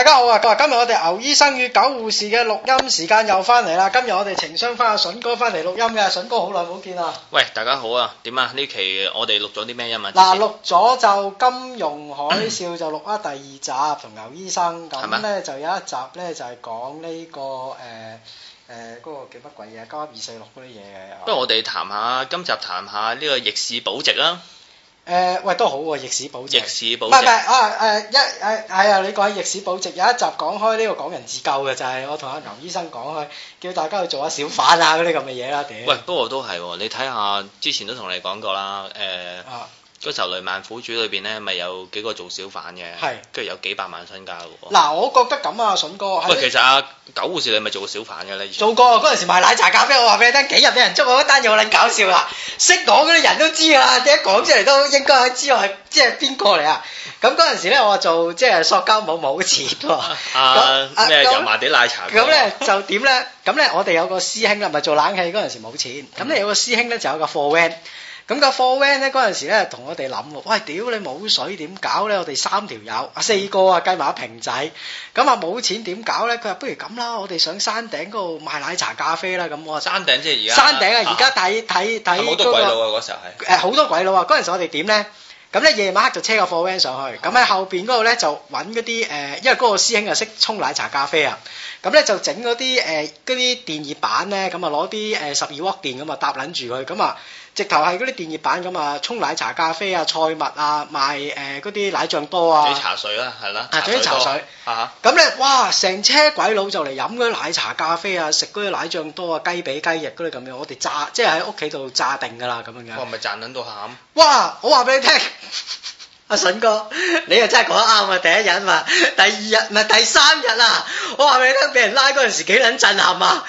大家好啊！今日我哋牛醫生與狗護士嘅錄音時間又翻嚟啦！今日我哋情商翻阿笋哥翻嚟錄音嘅，笋哥好耐冇見啊！喂，大家好啊！點啊？呢期我哋錄咗啲咩音？啊？嗱、啊，錄咗就金融海嘯、嗯、就錄啊第二集同牛醫生，咁咧嗎就有一集咧就係講呢個誒誒嗰個叫乜鬼嘢高二四六嗰啲嘢。不如我哋談下今集，談下呢個逆市保值啊！誒、呃，喂，都好、啊，逆市保值。逆市保值，唔係啊，誒、啊，一誒係啊，啊，你講係逆市保值，有一集講開呢、這個港人自救嘅就係、是，我同阿牛醫生講開，叫大家去做下小販啊嗰啲咁嘅嘢啦，屌！喂，不過都係、哦，你睇下之前都同你講過啦，誒、呃。啊嗰時候雷曼苦主裏邊咧，咪有幾個做小販嘅，跟住有幾百萬身家嘅喎。嗱，我覺得咁啊，筍哥。喂，其實啊，狗護士你咪做過小販嘅咧？做過嗰陣時賣奶茶咖啡，我話俾你聽，幾日俾人捉，嗰單又撚搞笑啊？識講嗰啲人都知啊，點解講出嚟都應該知道係即係邊個嚟啊？咁嗰陣時咧，我做即係、就是、塑膠冇冇錢啊，咩、啊啊、油麻地奶茶？咁咧就點咧？咁咧我哋有個師兄咧，咪做冷氣嗰陣時冇錢。咁咧、嗯、有個師兄咧，就有個貨咁個貨 van 咧，嗰陣時咧，同我哋諗喎，喂，屌你冇水點搞咧？我哋三條友啊，嗯、四個啊，計埋一瓶仔咁啊，冇錢點搞咧？佢話不如咁啦，我哋上山頂嗰度賣奶茶咖啡啦。咁我話山頂即係而家山頂啊！而家睇睇睇好多鬼佬啊！嗰時候係誒好多鬼佬啊！嗰陣時我哋點咧？咁咧夜晚黑就個貨車個貨 van 上去，咁喺、嗯、後邊嗰度咧就揾嗰啲誒，因為嗰個師兄又識沖奶茶咖啡啊。咁咧就整嗰啲誒啲電熱板咧，咁啊攞啲誒十二伏電咁啊搭撚住佢咁啊。直頭係嗰啲電熱板咁啊，沖奶茶、咖啡啊，菜物啊，賣誒嗰啲奶醬多啊，俾茶水啦，係啦，水茶水，咁咧、啊啊，哇，成車鬼佬就嚟飲嗰啲奶茶、咖啡啊，食嗰啲奶醬多啊，雞髀雞翼嗰啲咁樣，我哋炸，即係喺屋企度炸定噶啦，咁樣嘅，我咪賺捻到喊，哇！我話俾你聽，阿、啊、順哥，你又真係講得啱啊！第一日啊嘛，第二日唔係第三日啊！我話俾你聽，俾人拉嗰陣時幾捻震撼啊！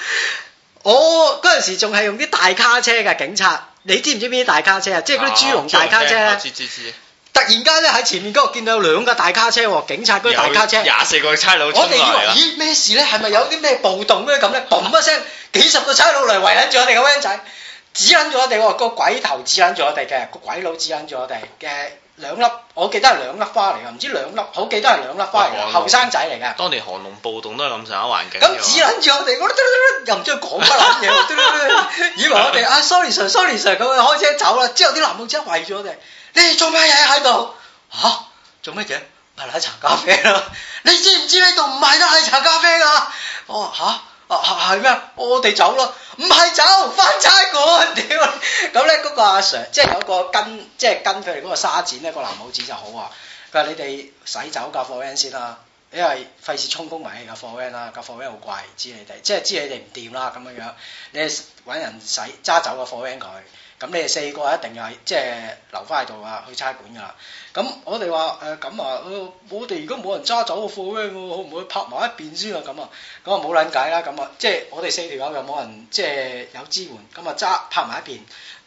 我嗰陣時仲係用啲大卡車噶警察。你知唔知邊啲大卡車啊？即係嗰啲豬籠大卡車。咧，突然間咧喺前面嗰度見到有兩架大卡車喎，警察嗰啲大卡車。廿四個差佬，我哋以為咦咩事咧？係咪有啲咩暴動咩咁咧？嘣 一聲，幾十個差佬嚟圍緊住我哋個靚仔，指緊住我哋喎，個鬼頭指緊住我哋嘅，個鬼佬指緊住我哋嘅。兩粒，我記得係兩粒花嚟噶，唔知兩粒，我記得係兩粒花嚟噶，後生仔嚟噶。年當年寒龍暴動都係咁上下環境。咁只撚住我哋，我嘟嘟嘟，又唔知佢講乜嘢， 以為我哋啊，sorry sir，sorry sir，咁樣開車走啦。之後啲藍帽車圍住我哋，你哋做咩嘢喺度？嚇、啊？做咩嘢？賣奶茶咖啡啊？你知唔知呢度唔賣得奶茶咖啡㗎？我話嚇。啊係咩？我哋走咯，唔係走翻差館，屌！咁咧嗰個阿 sir，即係有個跟，即係跟佢哋嗰個沙展咧，嗰個藍帽子就好啊。佢話你哋洗走架貨 van 先啦，因為費事衝工埋氣架貨 van 啦，架貨 van 好貴，知你哋，即係知你哋唔掂啦咁樣樣，你揾人洗揸走架貨 van 佢。咁你哋四個一定又喺即係留翻喺度啊，去差館㗎啦。咁我哋話誒咁啊，我哋如果冇人揸走個貨咩？可唔可以拍埋一邊先啊？咁啊，咁啊冇撚解啦。咁啊，即係我哋四條友又冇人即係有支援，咁啊揸拍埋一邊，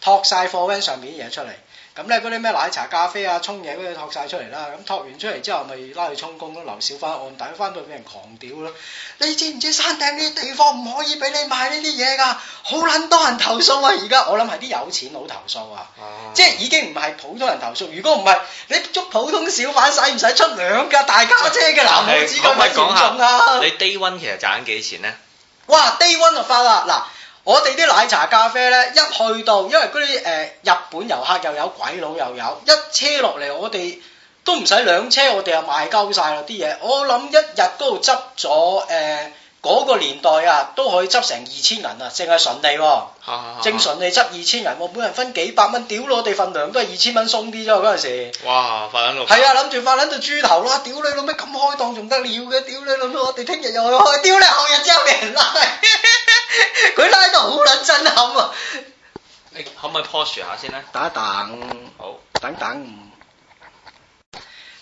託曬貨 van 上邊啲嘢出嚟。咁咧嗰啲咩奶茶、咖啡啊，沖嘢嗰啲托晒出嚟啦。咁托完出嚟之後，咪拉去充公咯。留少翻案底，翻到俾人狂屌咯。你知唔知山頂呢啲地方唔可以俾你賣呢啲嘢噶？好撚多人投訴啊！而家我諗係啲有錢佬投訴啊，啊即係已經唔係普通人投訴。如果唔係，你捉普通小販使唔使出兩架大家姐嘅？嗱，唔好指個唔嚴重啊！你低溫其實賺幾錢咧？哇！低溫就快啦嗱。我哋啲奶茶咖啡咧，一去到，因為嗰啲誒日本遊客又有鬼佬又有，一車落嚟，我哋都唔使兩車，我哋啊賣鳩晒啦啲嘢。我諗一日都執咗誒嗰個年代啊，都可以執成二千銀啊， 淨係純利，正純利執二千銀。我每人分幾百蚊，屌我哋份糧都係二千蚊鬆啲啫嗰陣時。哇！發撚落係啊，諗住發撚到豬頭啦，啊！屌你老味咁開檔仲得了嘅？屌你老味，我哋聽日又去，屌你後日之後俾人拉。 佢 拉到好撚震撼啊 你可唔可以 pause 下先咧？等一等，好，等等。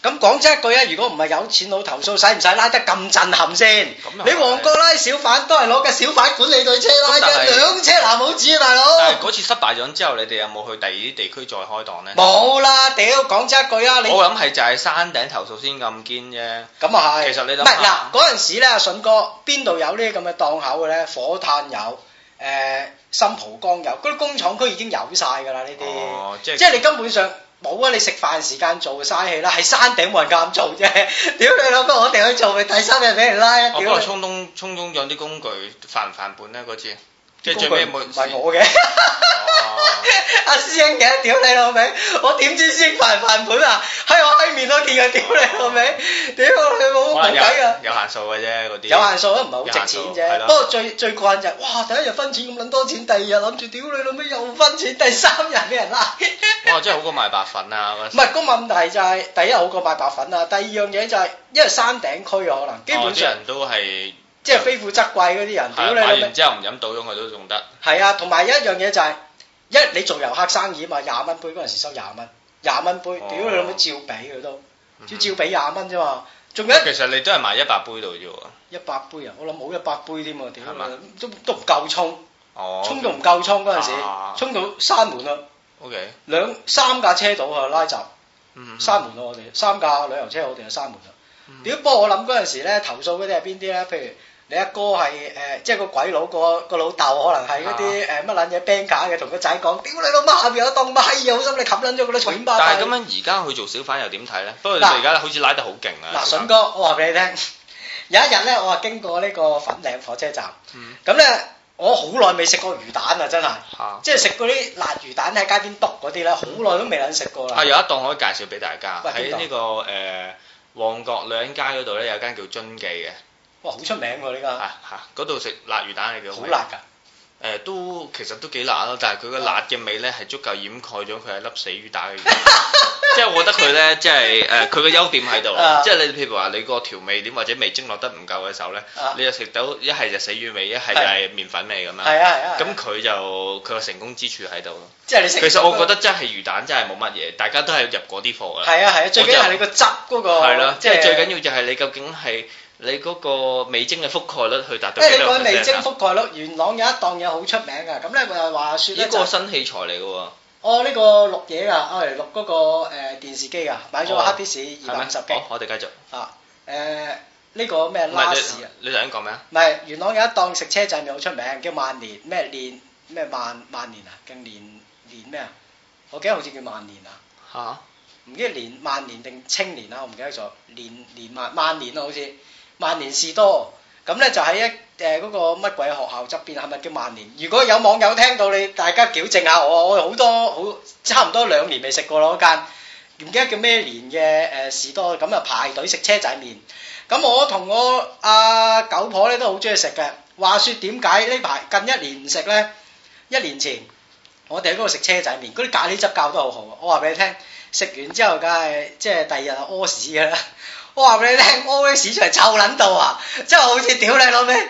咁講真一句啊！如果唔係有錢佬投訴，使唔使拉得咁震撼先？你旺哥拉小販都係攞架小販管理隊車拉嘅，兩是車藍帽子啊，大佬！但係嗰次失敗咗之後，你哋有冇去第二啲地區再開檔咧？冇啦，屌！講真一句啊，你我諗係就係山頂投訴先咁堅啫。咁啊係，其實你諗嗱嗰陣時咧，阿順哥邊度有呢啲咁嘅檔口嘅咧？火炭有，誒、呃、新蒲崗有，嗰啲工廠區已經有晒㗎啦呢啲。哦，即係即係你根本上。是是冇啊！你食飯時間做嘥氣啦，喺山頂冇人敢做啫。屌你老母，我哋去做咪第三日俾人拉啊！咁啊，沖東沖東用啲工具，返唔返本咧？嗰次？即係最尾冇唔係我嘅，阿師兄嘅。屌你老味，我點知師兄犯唔犯本啊？喺我閪面都見佢屌你老味，屌佢冇冇講計噶？有限數嘅啫，嗰啲有限數都唔係好值錢啫。不過最最過癮就係，哇！第一日分錢咁撚多錢，第二日諗住屌你老味又分錢，第三日俾人鬧。哇！真係好過賣白粉啊！唔係個問題就係第一好過賣白粉啊，第二樣嘢就係因為山頂區可能基本上人都係。即係非富則貴嗰啲人，屌你！買完之後唔飲倒咗佢都仲得。係啊，同埋有一樣嘢就係，一你做遊客生意嘛，廿蚊杯嗰陣時收廿蚊，廿蚊杯，屌你諗乜照俾佢都，只照俾廿蚊啫嘛，仲有。其實你都係賣一百杯度啫。一百杯啊！我諗冇一百杯添，屌你，都都唔夠沖，沖到唔夠沖嗰陣時，沖到閂門啦。O K。兩三架車到啊，拉閘，閂門啦我哋，三架旅遊車我哋就閂門啦。屌，不過我諗嗰陣時咧投訴嗰啲係邊啲咧？譬如。你阿哥係誒，即係個鬼佬個、那個老豆，可能係嗰啲誒乜撚嘢 band 嘅，同個仔講：屌、啊、你老媽，邊有得當媽呀？好心你冚撚咗嗰啲隨便包。但係咁樣而家去做小販又點睇咧？不過你哋而家好似拉得好勁啊！嗱在，筍、啊、哥，我話俾你聽，有一日咧，我啊經過呢個粉嶺火車站，咁咧、嗯、我好耐未食過魚蛋啊！真係，即係食嗰啲辣魚蛋喺街邊篤嗰啲咧，好耐都未撚食過啦。係、啊、有一檔可以介紹俾大家喺呢、這個誒、呃、旺角兩街嗰度咧，有一間叫津記嘅。哇！好出名喎，依家嚇嚇，嗰度食辣魚蛋嚟嘅喎，好辣㗎！誒，都其實都幾辣咯，但係佢個辣嘅味咧係足夠掩蓋咗佢係粒死魚蛋嘅，即係我覺得佢咧，即係誒佢個優點喺度，即係你譬如話你個調味點或者味精落得唔夠嘅時候咧，你就食到一係就死魚味，一係就係麪粉味咁樣，係啊係啊，咁佢就佢個成功之處喺度咯。即係你其實我覺得真係魚蛋真係冇乜嘢，大家都係入嗰啲貨㗎啦。係啊係啊，最緊係你個汁嗰個。係咯，即係最緊要就係你究竟係。你嗰個味精嘅覆蓋率去達到，即係你講味精覆蓋率。元朗有一檔嘢好出名嘅。咁、嗯、咧話説咧就呢、是、個新器材嚟嘅喎。我呢個錄嘢啊，我嚟錄嗰個誒電視機啊，買咗黑電士二百五十 G。我哋繼續。啊誒呢個咩？拉士啊！你頭先講咩啊？唔係元朗有一檔食車仔麵好出名，叫萬年咩年咩萬萬年啊？近年年咩啊？我記得好似叫萬年啊。嚇、啊！唔知年萬年定青年啦、啊，我唔記得咗。年年萬萬年啊，好似、啊、～萬年士多，咁咧就喺一誒嗰個乜鬼學校側邊，係咪叫萬年？如果有網友聽到你，大家矯正下我。我好多好差唔多兩年未食過啦嗰間，唔記得叫咩年嘅誒士多，咁啊排隊食車仔麵。咁我同我阿、啊、九婆咧都好中意食嘅。話説點解呢排近一年唔食咧？一年前我哋喺嗰度食車仔麵，嗰啲咖喱汁教都好好，我話俾你聽，食完之後梗係即係第二日屙屎㗎啦。我話俾你聽，屙屎出嚟臭撚到啊！真係好似屌你老味。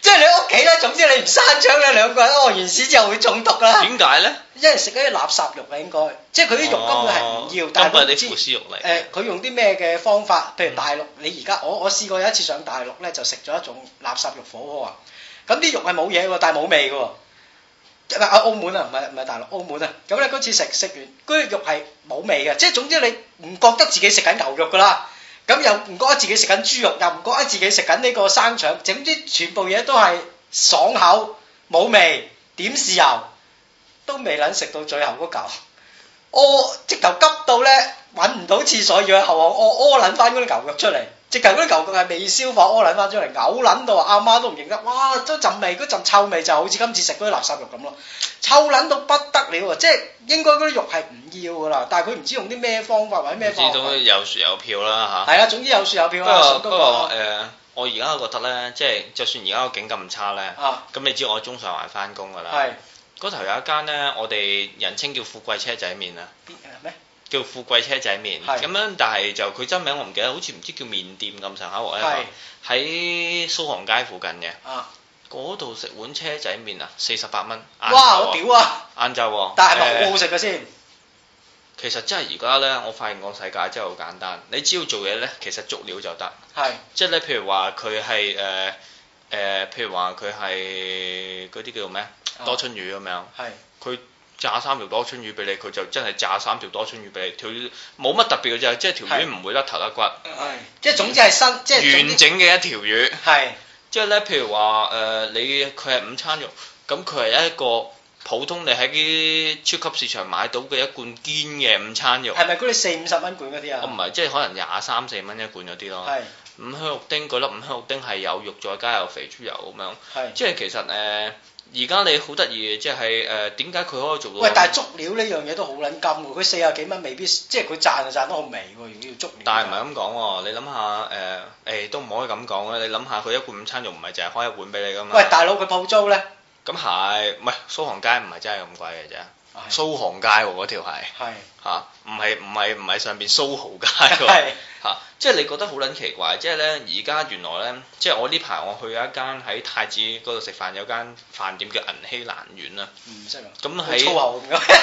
即係你屋企咧。總之你唔生張咧，兩個人屙、哦、完屎之後會中毒啦。點解咧？因為食嗰啲垃圾肉啊，肉應該即係佢啲肉根本係唔要，哦、但本係啲腐屍肉嚟。誒、呃，佢用啲咩嘅方法？譬如大陸，你而家我我試過有一次上大陸咧，就食咗一種垃圾肉火鍋啊。咁啲肉係冇嘢嘅，但係冇味嘅。唔係啊，澳門啊，唔係唔係大陸，澳門啊。咁咧嗰次食食完嗰啲肉係冇味嘅，即係總之你唔覺得自己食緊牛肉噶啦。咁又唔覺得自己食緊豬肉，又唔覺得自己食緊呢個生腸，整啲全部嘢都係爽口冇味，點豉油都未諗，食到最後嗰嚿，我直頭急到咧，搵唔到廁所，要喺後巷屙，屙捻返嗰啲牛肉出嚟。只近嗰啲牛肉係未消化屙撚翻出嚟，嘔撚到阿媽，媽都唔認得，哇！嗰陣味嗰陣臭味就好似今次食嗰啲垃圾肉咁咯，臭撚到不得了啊！即係應該嗰啲肉係唔要噶啦，但係佢唔知用啲咩方法或者咩方法。知道有雪有票啦嚇。係、啊、啦、啊，總之有雪有票。啦。不過誒、那個呃，我而家覺得咧，即、就、係、是、就算而家個景咁差咧，咁、啊、你知我中上環翻工㗎啦。係是。嗰頭有一間咧，我哋人稱叫富貴車仔麵啊。咩？叫富貴車仔麵，咁樣是、嗯、但係就佢真名我唔記得，好似唔知叫麵店咁上下喺喺蘇杭街附近嘅，嗰度食碗車仔麵啊，四十八蚊。哇！好屌啊！晏晝午，但係係咪好好食嘅先？其實真係而家呢，我發現個世界真係好簡單。你只要做嘢呢，其實足料就得。係是，即係咧，譬如話佢係誒誒，譬如話佢係嗰啲叫咩、啊、多春魚咁樣。係是，佢。炸三條多春魚俾你，佢就真係炸三條多春魚俾你。條魚冇乜特別嘅啫，即係條魚唔會甩頭甩骨。嗯、即係總之係新，即係完整嘅一條魚。係的。即係咧，譬如話誒、呃，你佢係午餐肉，咁佢係一個普通你喺啲超級市場買到嘅一罐堅嘅午餐肉。係咪嗰啲四五十蚊罐嗰啲啊？我唔係，即係可能廿三四蚊一罐嗰啲咯。的五香肉丁嗰粒、那個、五香肉丁係有肉再加有肥豬油咁樣。即係其實誒。而家你好得意嘅，即係誒點解佢可以做到？喂，但係足料呢樣嘢都好撚金嘅，佢四十幾蚊未必，即係佢賺就賺得好微喎。如果要足料、就係，但係唔係咁講喎，你諗下誒，誒、呃欸、都唔可以咁講嘅。你諗下佢一罐午餐肉唔係淨係開一碗俾你噶嘛喂？喂，大佬佢鋪租呢？咁係，唔係蘇杭街唔係真係咁貴嘅啫。蘇杭街喎嗰條係，嚇唔係，唔係唔係上邊蘇豪街喎，嚇即係你覺得好撚奇怪，即係咧而家原來咧，即係我呢排我去有一間喺太子嗰度食飯，有間飯店叫銀禧蘭苑啦。啊！咁喺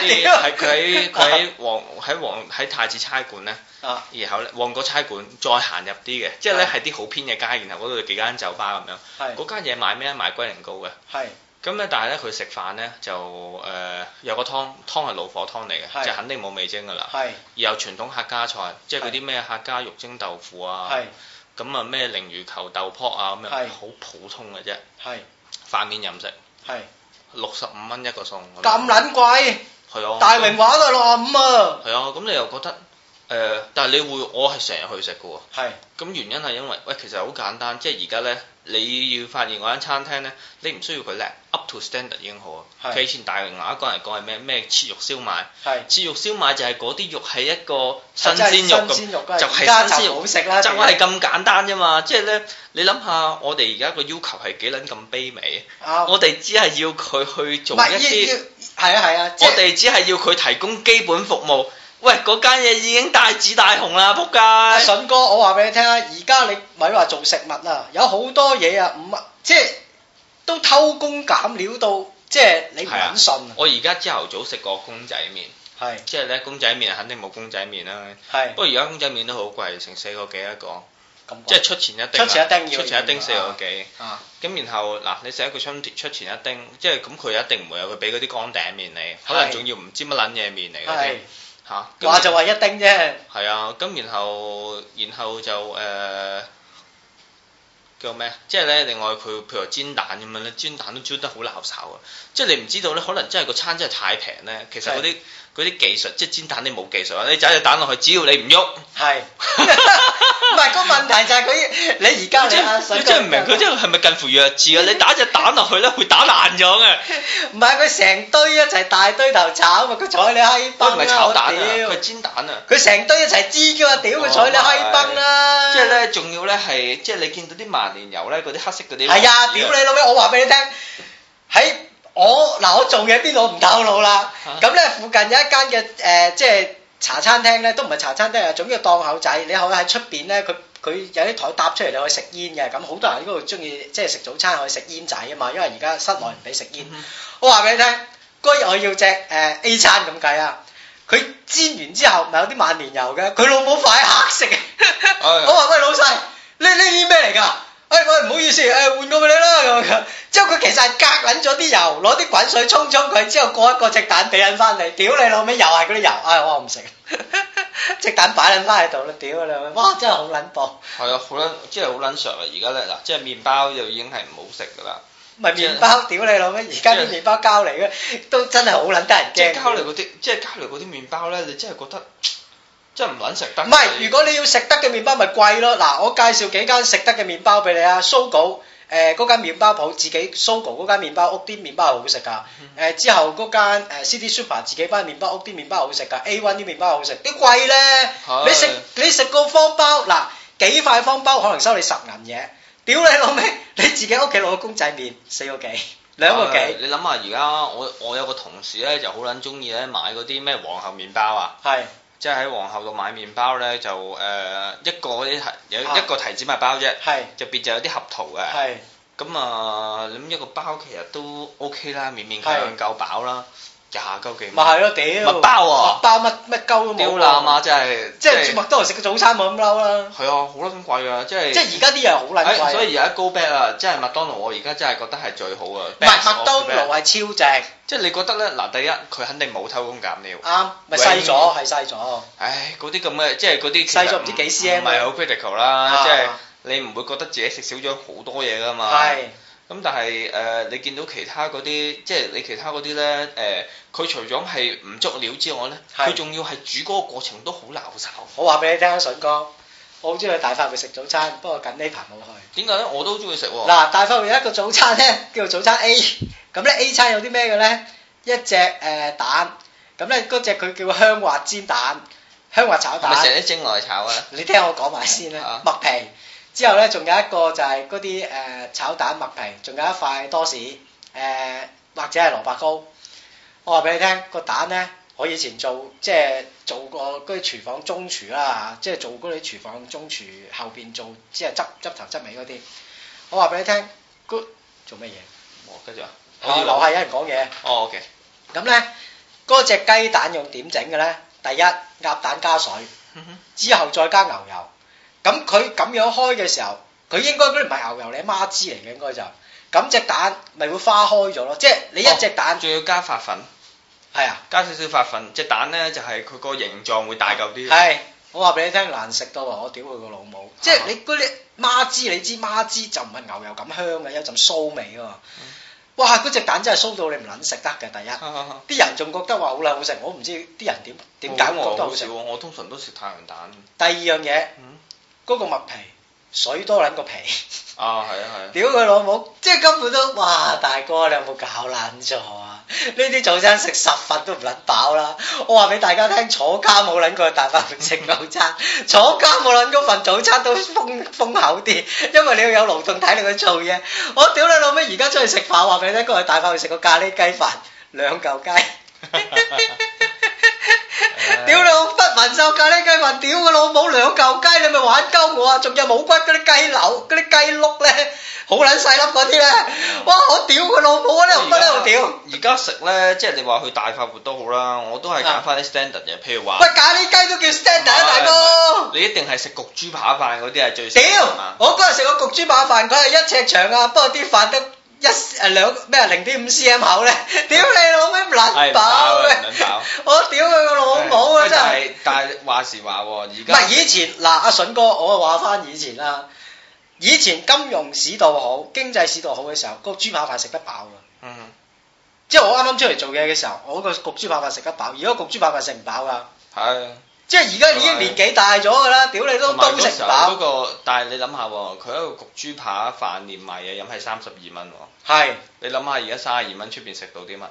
啲喺喺旺喺旺喺太子差館咧，然後咧旺角差館再行入啲嘅，即係咧係啲好偏嘅街，然後嗰度有幾間酒吧咁樣，嗰間嘢賣咩啊？賣龜苓膏嘅。咁咧，但係咧佢食飯咧就誒、呃、有個湯，湯係老火湯嚟嘅，是 就肯定冇味精噶啦。係，然後傳統客家菜，即係嗰啲咩客家肉蒸豆腐啊，咁啊咩鯪魚球豆卜啊咁樣，好是 普通嘅啫。係，是 飯店飲食。係。六十五蚊一個餸。咁撚貴？係啊。大榮華都六十五啊。係啊，咁你又覺得？誒、呃，但係你會，我係成日去食嘅喎。係是。咁、嗯、原因係因為，喂，其實好簡單，即係而家咧，你要發現嗰間餐廳咧，你唔需要佢叻，up to standard 已經好啊。佢是以前大龍牙講嚟講係咩咩切肉燒賣，係是。切肉燒賣就係嗰啲肉係一個新鮮肉、啊、新鮮肉就係新鮮肉好食啦，就係咁簡單啫嘛。即係咧，你諗下，我哋而家個要求係幾撚咁卑微？啊、我哋只係要佢去做一啲，係啊係啊。我哋只係要佢提供基本服務。喂，嗰間嘢已經大紫大紅啦，仆街！阿笋、啊、哥，我話俾你聽啊，而家你咪話做食物啊，有好多嘢啊，唔即係都偷工減料到，即係你唔肯信、啊。我而家朝頭早食過公仔麵，係是，即係咧公仔麵肯定冇公仔麵啦，係是。不過而家公仔麵都好貴，成四個幾一個，即係出前一丁，出前一丁出前一丁四個幾。咁、啊、然後嗱，你食一個出出前一丁，即係咁佢一定唔會有，佢俾嗰啲乾頂麵你，可能仲要唔知乜撚嘢麵嚟嘅嚇，啊、話就話一丁啫。係啊，咁然後，然後就誒、呃、叫咩？即係咧，另外佢譬如煎蛋咁樣咧，煎蛋都煎得好垃圾啊。即、就、係、是、你唔知道咧，可能真係個餐真係太平咧，其實嗰啲。嗰啲技術，即煎蛋你冇技術啊，你打隻蛋落去，只要你唔喐，係，唔係個問題就係佢，你而家你真你真唔明佢真係咪近乎弱智啊？你打隻蛋落去咧，會打爛咗嘅。唔係佢成堆一齊大堆頭炒啊，佢睬你閪崩！佢唔係炒蛋啊，佢煎蛋啊。佢成堆一齊煎嘅話，屌佢睬你閪崩啦！即係咧，仲要咧係，即係你見到啲萬年油咧，嗰啲黑色嗰啲，係啊，屌你老味！我話俾你聽，喺。我嗱我做嘢邊度唔透露啦？咁咧、啊、附近有一間嘅誒，即、呃、係、就是、茶餐廳咧，都唔係茶餐廳啊，總要檔口仔，你可以喺出邊咧，佢佢有啲台搭出嚟，你可以食煙嘅。咁、嗯、好多人喺嗰度中意即係食早餐，可以食煙仔啊嘛。因為而家室內唔俾食煙。嗯、哼我話俾你聽，嗰日我要隻誒、呃、A 餐咁計啊，佢煎完之後咪有啲萬年油嘅，佢老母快黑色嘅。 哎、呀我話喂老細，呢呢啲咩嚟㗎？誒喂唔好意思，誒換過俾你啦咁。之後佢其實係隔捻咗啲油，攞啲滾水沖沖佢，之後過一個隻蛋俾捻翻你。屌你老味，又係嗰啲油，哎、我唔食。隻蛋擺捻翻喺度啦，屌你老味，哇真係好捻搏。係啊，好捻，真係好捻常啊！而家咧，嗱，即係麵包又已經係唔好食噶啦。唔係、就是、麵包，屌你老味，而家啲麵包膠嚟嘅，就是、都真係好捻得人驚。即係膠嚟嗰啲，即係膠嚟嗰啲麵包咧，你真係覺得即係唔捻食得。唔係不，以如果你要食得嘅麵包，咪貴咯。嗱，我介紹幾間食得嘅麵包俾你啊，酥稿。誒嗰間麵包鋪自己 Sogo 嗰間麵包屋啲麵包係好食噶，誒、呃、之後嗰間 City Super 自己間麵包屋啲麵包係好食噶，A One 啲麵包係好食，啲貴咧，你食你食個方包嗱幾塊方包可能收你十銀嘢，屌你老味，你自己屋企攞個公仔麵四個幾兩個幾，你諗下而家我我有個同事咧就好撚中意咧買嗰啲咩皇后麵包啊，係。即係喺皇后度買麵包咧，就誒、呃、一個啲提有一個提子麥包啫，係入邊就有啲合桃嘅，係咁啊，咁、呃、一個包其實都 O、OK、K 啦，勉勉強強夠飽啦。廿嚿幾？咪係咯，屌麥包啊，麥包乜乜嚿都冇。刁難啊，真係！即係麥當勞食個早餐冇咁嬲啦。係啊，好啦，咁貴啊，即係。即係而家啲嘢好撚貴。所以而家 Go Back 啊，即係麥當勞，我而家真係覺得係最好啊。麥麥當勞係超正。即係你覺得咧，嗱，第一佢肯定冇偷工減料。啱，咪細咗係細咗。唉，嗰啲咁嘅即係嗰啲。細咗唔知幾 c m。唔係好 critical 啦，即係你唔會覺得自己食少咗好多嘢噶嘛。係。咁、嗯、但係誒、呃，你見到其他嗰啲，即係你其他嗰啲咧誒，佢、呃、除咗係唔足料之外咧，佢仲是要係煮嗰個過程都好鬧炒。我話俾你聽啊，順哥，我好中意去大發匯食早餐，不過近呢排冇去。點解咧？我都中意食喎。嗱，大發有一個早餐咧，叫做早餐 A。咁咧 A 餐有啲咩嘅咧？一隻誒、呃、蛋，咁咧嗰隻佢叫香滑煎蛋、香滑炒蛋。咪成日蒸落嚟炒啊！你聽我講埋先啦，啊、麥皮。之後咧，仲有一個就係嗰啲誒炒蛋、麥皮，仲有一塊多士，誒、呃、或者係蘿蔔糕。我話俾你聽，個蛋咧，我以前做即係做過嗰啲廚房中廚啦，即係做嗰啲廚房中廚後邊做，即係執執頭執尾嗰啲。我話俾你聽，做咩嘢？跟住、哦、話，我樓下有人講嘢。哦，OK。咁咧，嗰隻雞蛋用點整嘅咧？第一，鴨蛋加水，之後再加牛油。咁佢咁樣開嘅時候，佢應該嗰啲唔係牛油，你孖枝嚟嘅應該就咁隻蛋咪會花開咗咯，即係你一隻蛋仲、哦、要加發粉，係啊，加少少發粉隻蛋咧就係佢個形狀會大嚿啲。係我話俾你聽難食到話我屌佢個老母，啊、哈即係你嗰啲孖枝你知孖枝就唔係牛油咁香嘅，有陣騷味啊。啊哇！嗰隻蛋真係騷到你唔捻食得嘅，第一。啲、啊、哈人仲覺得話好靚好食，我唔知啲人點點解覺得好食。我通常都食太陽蛋。第二樣嘢。嗯嗰個麥皮水多撚個皮 啊！係啊係！啊屌佢老母，即係根本都哇！大哥你有冇搞撚錯啊？呢啲早餐食十份都唔撚飽啦！我話俾大家聽，坐監冇撚個大把去食早餐， 坐監冇撚嗰份早餐都封豐口啲，因為你要有勞動體力去做嘢。我屌你老味，而家出去食飯，話俾你聽，過去大把去食個咖喱雞飯，兩嚿雞。 屌你！我骨文瘦咖喱雞云，屌佢老母兩嚿雞，你咪玩鳩我啊！仲有冇骨嗰啲雞柳、嗰啲雞碌咧？好撚細粒嗰啲咧！哇！我屌佢老母啊！呢度骨呢度屌！而家食咧，即係你話去大快活都好啦，我都係揀翻啲 standard 嘅，譬如話。喂，咖喱雞都叫 standard 啊，大哥！你一定係食焗豬扒飯嗰啲係最。屌！我嗰日食個焗豬扒飯，佢係一尺長啊，不過啲飯粒。一誒兩咩零點五 cm 口咧，屌你老母卵飽嘅！哎、 我屌佢個老母啊真係！但係話時話喎，而家以前嗱，阿筍哥，我話翻以前啦。以前金融市道好，經濟市道好嘅時候，焗豬扒飯食得飽㗎。嗯。即係我啱啱出嚟做嘢嘅時候，我個焗豬扒飯食得飽，而家焗豬扒飯食唔飽㗎。係。即係而家已經年紀大咗㗎啦，屌的你都都食唔飽。但係你諗下，佢喺個焗豬扒飯連埋嘢飲係三十二蚊。係，的你諗下而家三十二蚊出邊食到啲乜？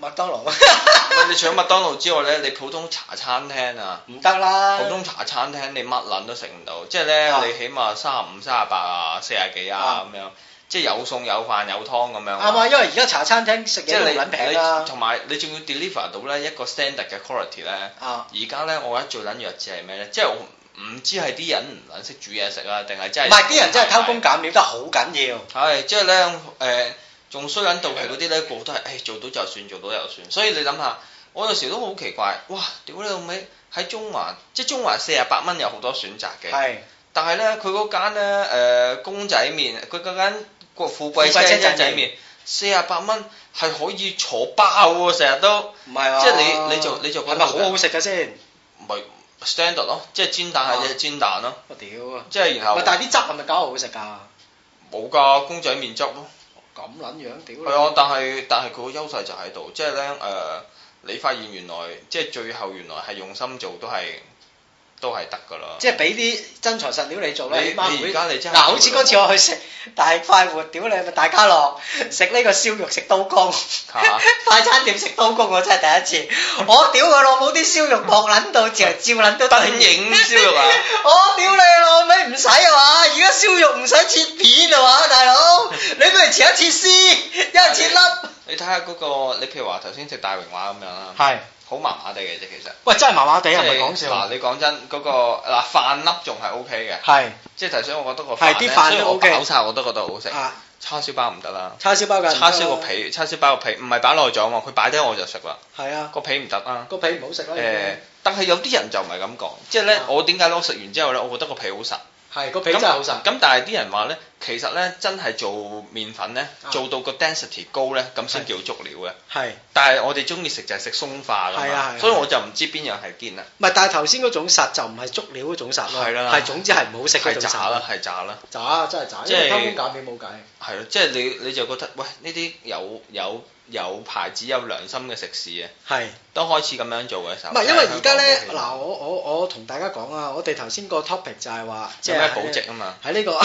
麥當勞。唔 係你除咗麥當勞之外咧，你普通茶餐廳啊，唔得啦。普通茶餐廳你乜撚都食唔到，即係咧你起碼三十五、三十八啊、四十幾啊咁樣。即係有餸有飯有湯咁樣，係嘛？因為而家茶餐廳食嘢、啊、你揾平啦，同埋你仲要 deliver 到咧一個 standard quality, s t a n d a r d 嘅 quality 咧。而家咧，我覺得最撚弱智嘅係咩咧？即係我唔知係啲人唔撚識煮嘢食啦，定係真係唔係啲人真係偷工減料得好緊要。係即係咧誒，仲衰緊到期嗰啲咧，個個都係誒、哎、做到就算，做到又算。所以你諗下，我有時都好奇怪，哇！屌你老味，喺中環，即係中環四廿八蚊有好多選擇嘅。係是，但係咧佢嗰間咧誒公仔麵，佢嗰間。個富貴雞雜仔麵四十八蚊係可以坐包喎，成日都唔係喎，即係你你就你就覺得係咪好好食嘅先，唔係 standard 咯，即係煎蛋係隻、啊、煎蛋啦。我屌，啊，即係然後，但係啲汁係咪搞好食㗎？冇㗎，公仔麵汁咯。咁撚、哦、樣屌！係啊，但係但係佢個優勢就喺度，即係咧誒，你發現原來即係最後原來係用心做都係。都係得噶咯，即係俾啲真材實料做你做啦。你你而家你即嗱，好似嗰次我去食大快活，屌你咪大家樂食呢個燒肉食刀工，啊、 快餐店食刀工我真係第一次。我屌佢老母啲燒肉薄撚到，成招撚都得影燒肉啊！ 我屌你老味唔使啊嘛，而家燒肉唔使切片啊嘛，大佬你不如切一切絲，一係切粒。你睇下嗰個，你譬如話頭先食大榮華咁樣啦。係的。好麻麻地嘅啫，其實喂真係麻麻地，係咪講笑？嗱，你講真嗰個嗱飯粒仲係 O K 嘅，係即係提醒我覺得個飯啲，所以我考察我都覺得好食。叉燒包唔得啦，叉燒包叉燒個皮，叉燒包個皮唔係擺落咗啊，佢擺低我就食啦。係啊，個皮唔得啊，個皮唔好食咯。誒，但係有啲人就唔係咁講，即係咧，我點解咧？食完之後咧，我覺得個皮好實。係個比重好實。咁但係啲人話咧，其實咧真係做麵粉咧，啊、做到個 density 高咧，咁先叫足料嘅。係。但係我哋中意食就係、是、食鬆化㗎嘛。係啊係。所以我就唔知邊樣係堅啦。唔係，但係頭先嗰種實就唔係足料嗰種實咯。係啦的。係總之係唔好食嗰種實。係炸啦，係炸啦。炸真係炸。炸即係是。貪歡簡便冇計。係咯，即係你你就覺得喂呢啲有有。有有有牌子有良心嘅食肆嘅，係是都開始咁樣做嘅時候。唔係，因為而家咧，嗱，我我我同大家講啊，我哋頭先個 topic 就係話，就是、是有咩保值啊嘛？喺呢、這個，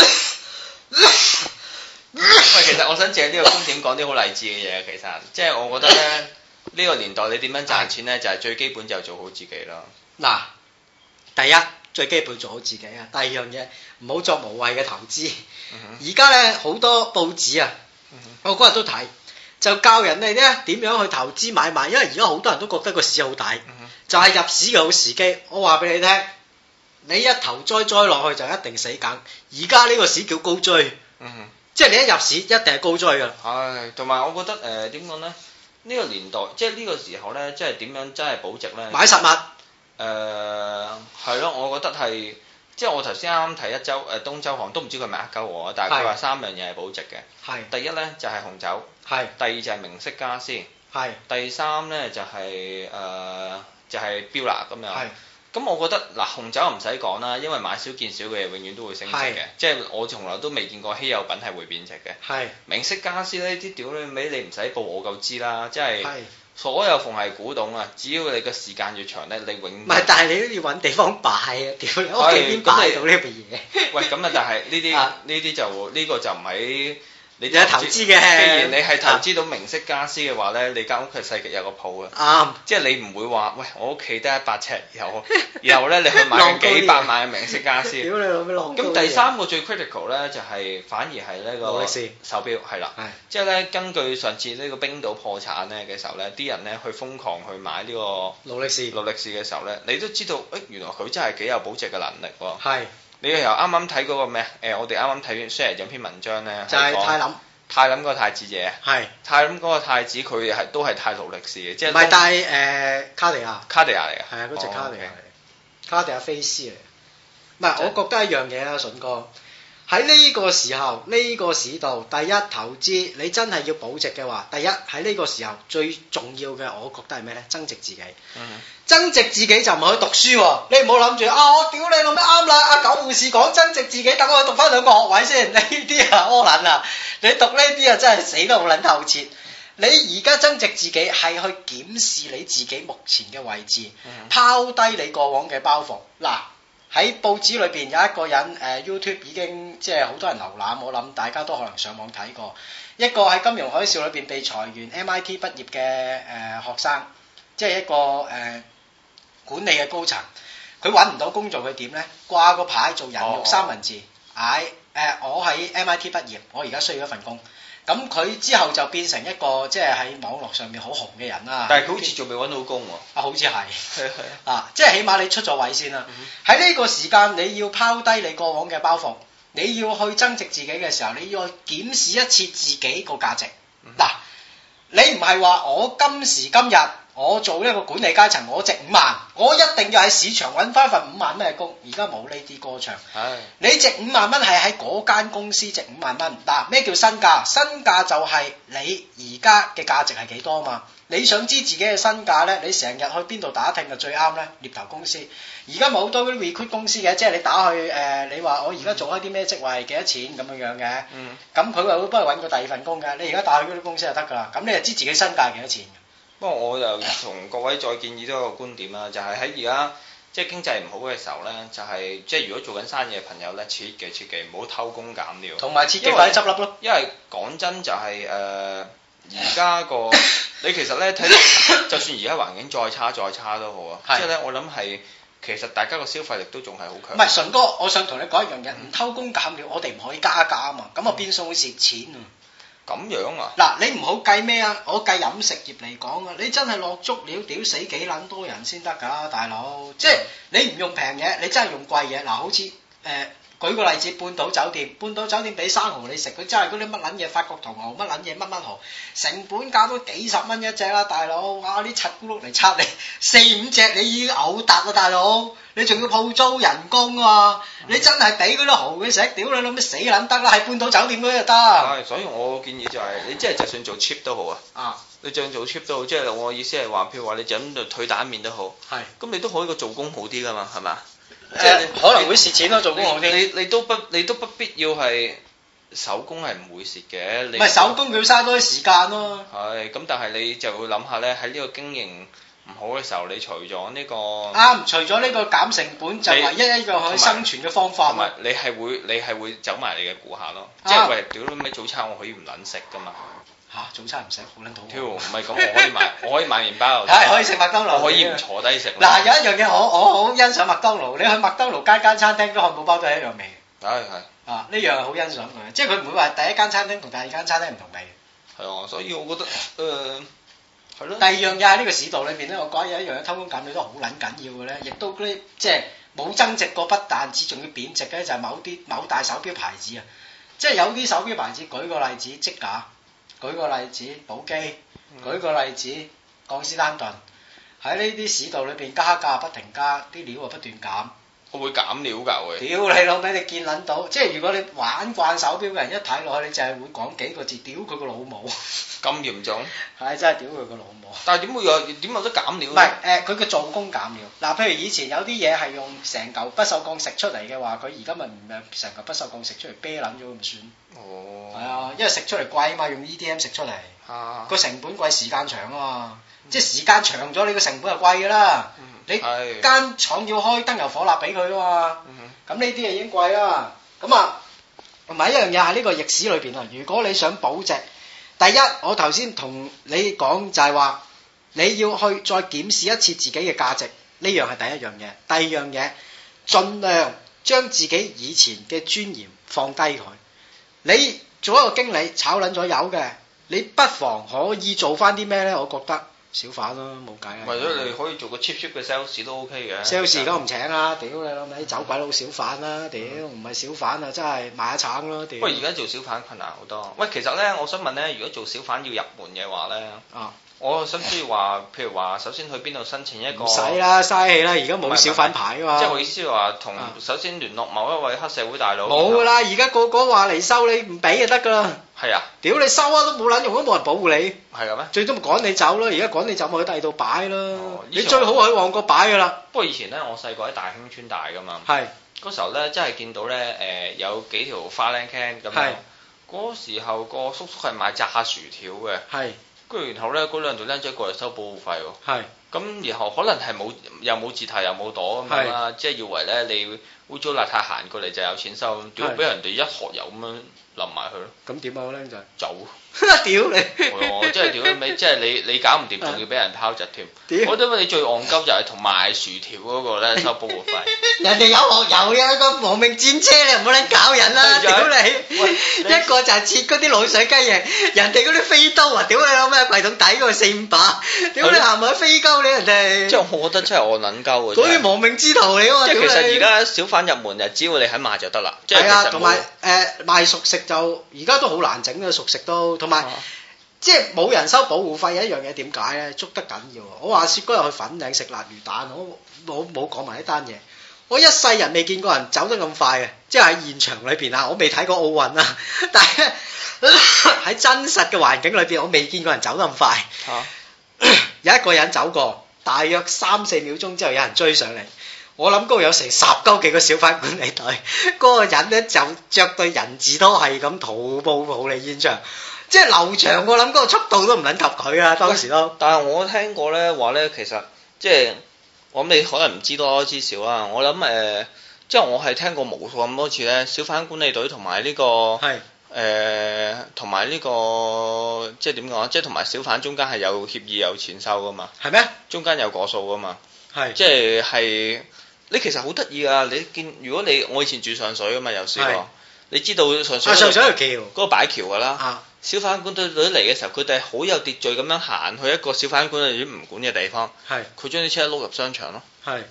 喂， 其實我想借呢個觀點講啲好勵志嘅嘢、啊。其實，即、就、係、是、我覺得咧，呢 個年代你點樣賺錢咧，就係、是、最基本就做好自己咯。嗱，第一最基本做好自己啊，第二樣嘢唔好作無謂嘅投資。而家咧好多報紙啊，我嗰日都睇。就教人哋咧，點樣去投資買賣，因為而家好多人都覺得個市好大，嗯、哼就係入市嘅好時機。我話俾你聽，你一頭栽栽落去就一定死梗。而家呢個市叫高追，嗯、哼即係你一入市一定係高追噶啦。唉、哎，同埋我覺得誒，點講咧？呢、這個年代即係呢個時候咧，即係點樣真係保值咧？買實物誒，係咯、呃。我覺得係即係我頭先啱啱提一周誒東周行，都唔知佢咪黑鳩我，但係佢話三樣嘢係保值嘅。係第一咧就係紅酒。的係，第二就係明式家私，係，第三咧就係、是、誒、呃，就係標蠟咁樣，係是，咁、嗯、我覺得嗱紅酒唔使講啦，因為買少見少嘅嘢永遠都會升值嘅，是即係我從來都未見過稀有品係會貶值嘅，係是，名式家私呢啲屌女你味你唔使報我夠知啦，即係，係，所有逢係古董啊，只要你個時間越長咧，你永，唔係，但係你都要搵地方擺啊，屌我你，屋企邊擺到呢樣嘢？喂，咁啊，但係呢啲呢啲就呢個就唔喺。你有投資嘅，資既然你係投資到名式家私嘅話咧，你間屋係細極有個鋪嘅，啱、啊。即係你唔會話，喂，我屋企得一百尺，然後，然後咧，你去買幾百萬嘅名式家私。 士」屌你老母，浪。咁第三個最 critical 咧，就係、是、反而係呢個勞力士手錶，係啦。係了。是即係咧，根據上次呢個冰島破產咧嘅時候咧，啲人咧去瘋狂去買呢個勞力士。勞力士嘅時候咧，你都知道，誒、哎，原來佢真係幾有保值嘅能力喎。係。你又啱啱睇嗰個咩？誒、呃，我哋啱啱睇 share 兩篇文章咧，就係、是、說泰林，泰林嗰個太子爺，係是泰林嗰個太子佢係都係泰圖歷士嘅，即係唔係？是都但係卡地亞，卡地亞嚟嘅，係啊，嗰隻、那個、卡地亞，哦 okay、卡地亞菲斯嚟，嘅。唔係、就是，我覺得一樣嘢啦、啊，順哥。喺呢個時候呢、這個市道，第一投資你真係要保值嘅話，第一喺呢個時候最重要嘅，我覺得係咩咧？增值自己，mm hmm. 增值自己就唔可以讀書、啊，你唔好諗住啊！我屌你老味啱啦，阿、啊、狗護士講增值自己，等我去讀翻兩個學位先，呢啲啊，柯捻啊，你讀呢啲啊，真係死得好捻透徹。你而家增值自己係去檢視你自己目前嘅位置，拋低你過往嘅包袱嗱。喺報紙裏邊有一個人，誒、uh, YouTube 已經即係好多人瀏覽，我諗大家都可能上網睇過。一個喺金融海嘯裏邊被裁員，MIT 畢業嘅誒、uh, 學生，即係一個誒、uh, 管理嘅高層，佢揾唔到工做，佢點呢？掛個牌做人肉三文治，嗌誒、oh. uh, 我喺 MIT 畢業，我而家需要一份工。咁佢之後就變成一個即係喺網絡上面紅、啊、好紅嘅人啦。但係佢好似仲未搵到工喎、啊。啊，好似係。 啊，即係起碼你出咗位先啦。喺呢、嗯、哼個時間，你要拋低你過往嘅包袱，你要去增值自己嘅時候，你要去檢視一次自己個價值。嗱、嗯哼啊，你唔係話我今時今日。我做呢個管理階層，我值五萬，我一定要喺市場搵翻份五萬蚊嘅工。而家冇呢啲歌唱，係是的 你值五萬蚊係喺嗰間公司值五萬蚊。嗱，咩叫身價？身價就係你而家嘅價值係幾多啊？嘛，你想知自己嘅身價咧？你成日去邊度打聽就最啱咧？獵頭公司，而家冇好多啲 recruit 公司嘅，即係你打去誒、呃，你話我而家做開啲咩職位，幾多錢咁樣樣嘅。咁佢話會幫你搵個第二份工嘅。你而家打去嗰啲公司就得噶啦。咁你就知自己身價幾多錢？不過，我又同各位再建議多個觀點啦，就係喺而家即係經濟唔好嘅時候呢，就係、是、即係如果做緊生意嘅朋友呢，切記切記唔好偷工減料，同埋切記快執笠咯。因為講真就係、是、誒，而、呃、家 Yeah. 個 你其實呢睇到，就算而家環境再差再差都好啊。 即係呢，我諗係其實大家個消費力都仲係好強。唔係，純哥，我想同你講一樣嘢，唔、嗯、偷工減料，我哋唔可以加價啊嘛。咁啊，邊個會蝕錢？咁樣啊？嗱，你唔好計咩啊！我計飲食業嚟講啊，你真係落足料，屌死幾撚多人先得㗎，大佬！即係你唔用平嘢，你真係用貴嘢。嗱，好似誒、呃，舉個例子，半島酒店，半島酒店俾生蠔你食，佢真係嗰啲乜撚嘢，法國同蠔乜撚嘢，乜乜蠔，成本價都幾十蚊一隻啦，大佬！哇，啲七咕碌嚟拆你，四五隻你已經嘔笪啦，大佬！你仲要鋪租人工啊！你真係俾佢都豪嘅食，屌你老母死撚得啦！喺半島酒店嗰啲就得。係，所以我建議就係你即係就算做 cheap 都好啊。啊，你就算做 cheap 都好，即係我意思係話譬如話你整條腿蛋麵都好是。係。咁你都可以個做工好啲噶嘛，係咪啊？誒、嗯，即係你可能會蝕錢咯、啊，你做工好啲。你你都不你都不必要係手工係唔會蝕嘅。唔係手工，佢嘥多啲時間咯、啊。係，咁但係你就會諗下咧，喺呢個經營唔好嘅時候，你除咗呢個，啱，除咗呢個減成本就唯一一個可以生存嘅方法。同埋你係會，你係會走埋你嘅顧客咯，即係喂屌你咩早餐我可以唔撚食㗎嘛嚇？早餐唔食好撚肚。挑唔係咁，我可以買，我可以買麵包，係可以食麥當勞，可以唔坐低食。嗱有一樣嘢我我好欣賞麥當勞，你去麥當勞間間餐廳都漢堡包都係一樣味，梗係啊呢樣係好欣賞嘅，即係佢唔會話第一間餐廳同第二間餐廳唔同味。係啊，所以我覺得誒。係咯，第二樣嘢喺呢個市道裏面咧，我講有一樣嘢偷工減料都好撚緊要嘅咧，亦都啲即係冇增值過不但止，仲要貶值嘅就係、是、某啲某大手錶牌子啊，即係有啲手錶牌子，舉個例子積家，舉個例子寶璣，舉個例子江詩丹頓，喺呢啲市道裏邊加價不停加，啲料不斷減。會唔會減料噶，會。屌你老味，你見撚到？即係如果你玩慣手錶嘅人一睇落去，你就係會講幾個字：屌佢個老母。咁嚴重？係 真係屌佢個老母。但係點會又點有得減料？唔係誒，佢嘅做工減料。嗱，譬如以前有啲嘢係用成嚿不鏽鋼食出嚟嘅話，佢而家咪唔係成嚿不鏽鋼食出嚟啤撚咗唔算。呃、哦。係啊，因為食出嚟貴啊嘛，用 E D M 食出嚟，個、啊、成本貴，時間長啊嘛。即係時間長咗，你個成本就貴㗎啦。嗯、你間廠要開燈油火蠟俾佢啊嘛。咁呢啲嘢已經貴啦。咁啊，同埋一樣嘢喺呢個歷史裏邊啊。如果你想保值，第一，我頭先同你講就係話，你要去再檢視一次自己嘅價值，呢樣係第一樣嘢。第二樣嘢，盡量將自己以前嘅尊嚴放低佢。你做一個經理炒撚咗油嘅，你不妨可以做翻啲咩呢？我覺得。小販咯、啊，冇計、啊。為咗、嗯、你可以做個 che cheap cheap 嘅 sales 都 OK 嘅。sales 而家唔請啦、啊，屌是你老味走鬼佬小販啦、啊，屌唔係小販啊，真係賣得慘咯，屌。喂，而家做小販困難好多。喂，其實咧，我想問咧，如果做小販要入門嘅話咧，啊，我想知話，唉譬如話首先去邊度申請一個？唔使啦，嘥氣啦，而家冇小販牌啊嘛。即係、就是、我意思話，同首先聯絡某一位黑社會大佬。冇噶啦，而家個個話嚟收你，唔俾就得噶啦。係啊，屌你收啊都冇撚用，都冇人保護你，係啊咩？最多咪趕你走咯，而家趕你走咪去第二度擺咯，你最好去旺角擺噶啦。不過以前咧，我細個喺大興村大噶嘛，係嗰時候咧，真係見到咧，誒，有幾條花靚 can 咁樣，嗰時候個叔叔係賣炸薯條嘅，係，跟住然後咧嗰兩條靚仔過嚟收保護費，係，咁然後可能係冇又冇字台又冇袋咁樣啦，即係以為咧你會污糟邋遢行過嚟就有錢收，屌俾人哋一潑油咁樣。淋埋去咯，咁點啊，咧？就係走。 屌你！我真係屌你，即係你你搞唔掂，仲要俾人拋窒添。 我覺得你最戇鳩就係同賣薯條嗰個咧收保護費。 人哋有學有嘅一個亡命戰車，你唔好得搞人啦、啊！屌你、 啊！喂 一個就係切嗰啲老水雞翼，人哋嗰啲飛刀啊！屌你有咩櫃桶抵過四五把？屌你行埋去飛鳩你人哋！即係 我覺得真係我諗鳩嘅。嗰啲亡命之徒嚟啊嘛！即其實而家小販入門就只要你喺賣就得啦。係啊， 同埋誒賣熟食就而家都好難整嘅熟食都。同埋即係冇人收保護費，一樣嘢點解咧？捉得緊要。我話雪哥又去粉嶺食辣魚蛋，我我冇講埋呢單嘢。我一世人未見過人走得咁快嘅，即係喺現場裏邊啊！我未睇過奧運啊，但係喺 真實嘅環境裏邊，我未見過人走得咁快。 有一個人走過，大約三四秒鐘之後，有人追上嚟。我諗嗰有成十鳩幾個小販管理隊嚟睇，嗰、嗰個人咧就着對人字拖，係咁徒步步嚟現場。即係劉翔，我諗嗰個速度都唔撚及佢啊！當時咯，但係我聽過咧話咧，其實即係我諗，你可能唔知多多知少啦。我諗誒、呃，即係我係聽過無數咁多次咧。小販管理隊同埋呢個誒，同埋呢個即係點講？即係同埋小販中間係有協議有錢收噶嘛？係咩嗎？中間有個數噶嘛？係是即係係你其實好得意啊！你見如果你我以前住上水啊嘛，有試過是你知道上水、那個啊、上水個橋嗰個擺橋噶啦。啊小販管隊隊嚟嘅時候，佢哋係好有秩序咁樣行去一個小販管隊唔管嘅地方，係佢將啲車碌入商場咯，係是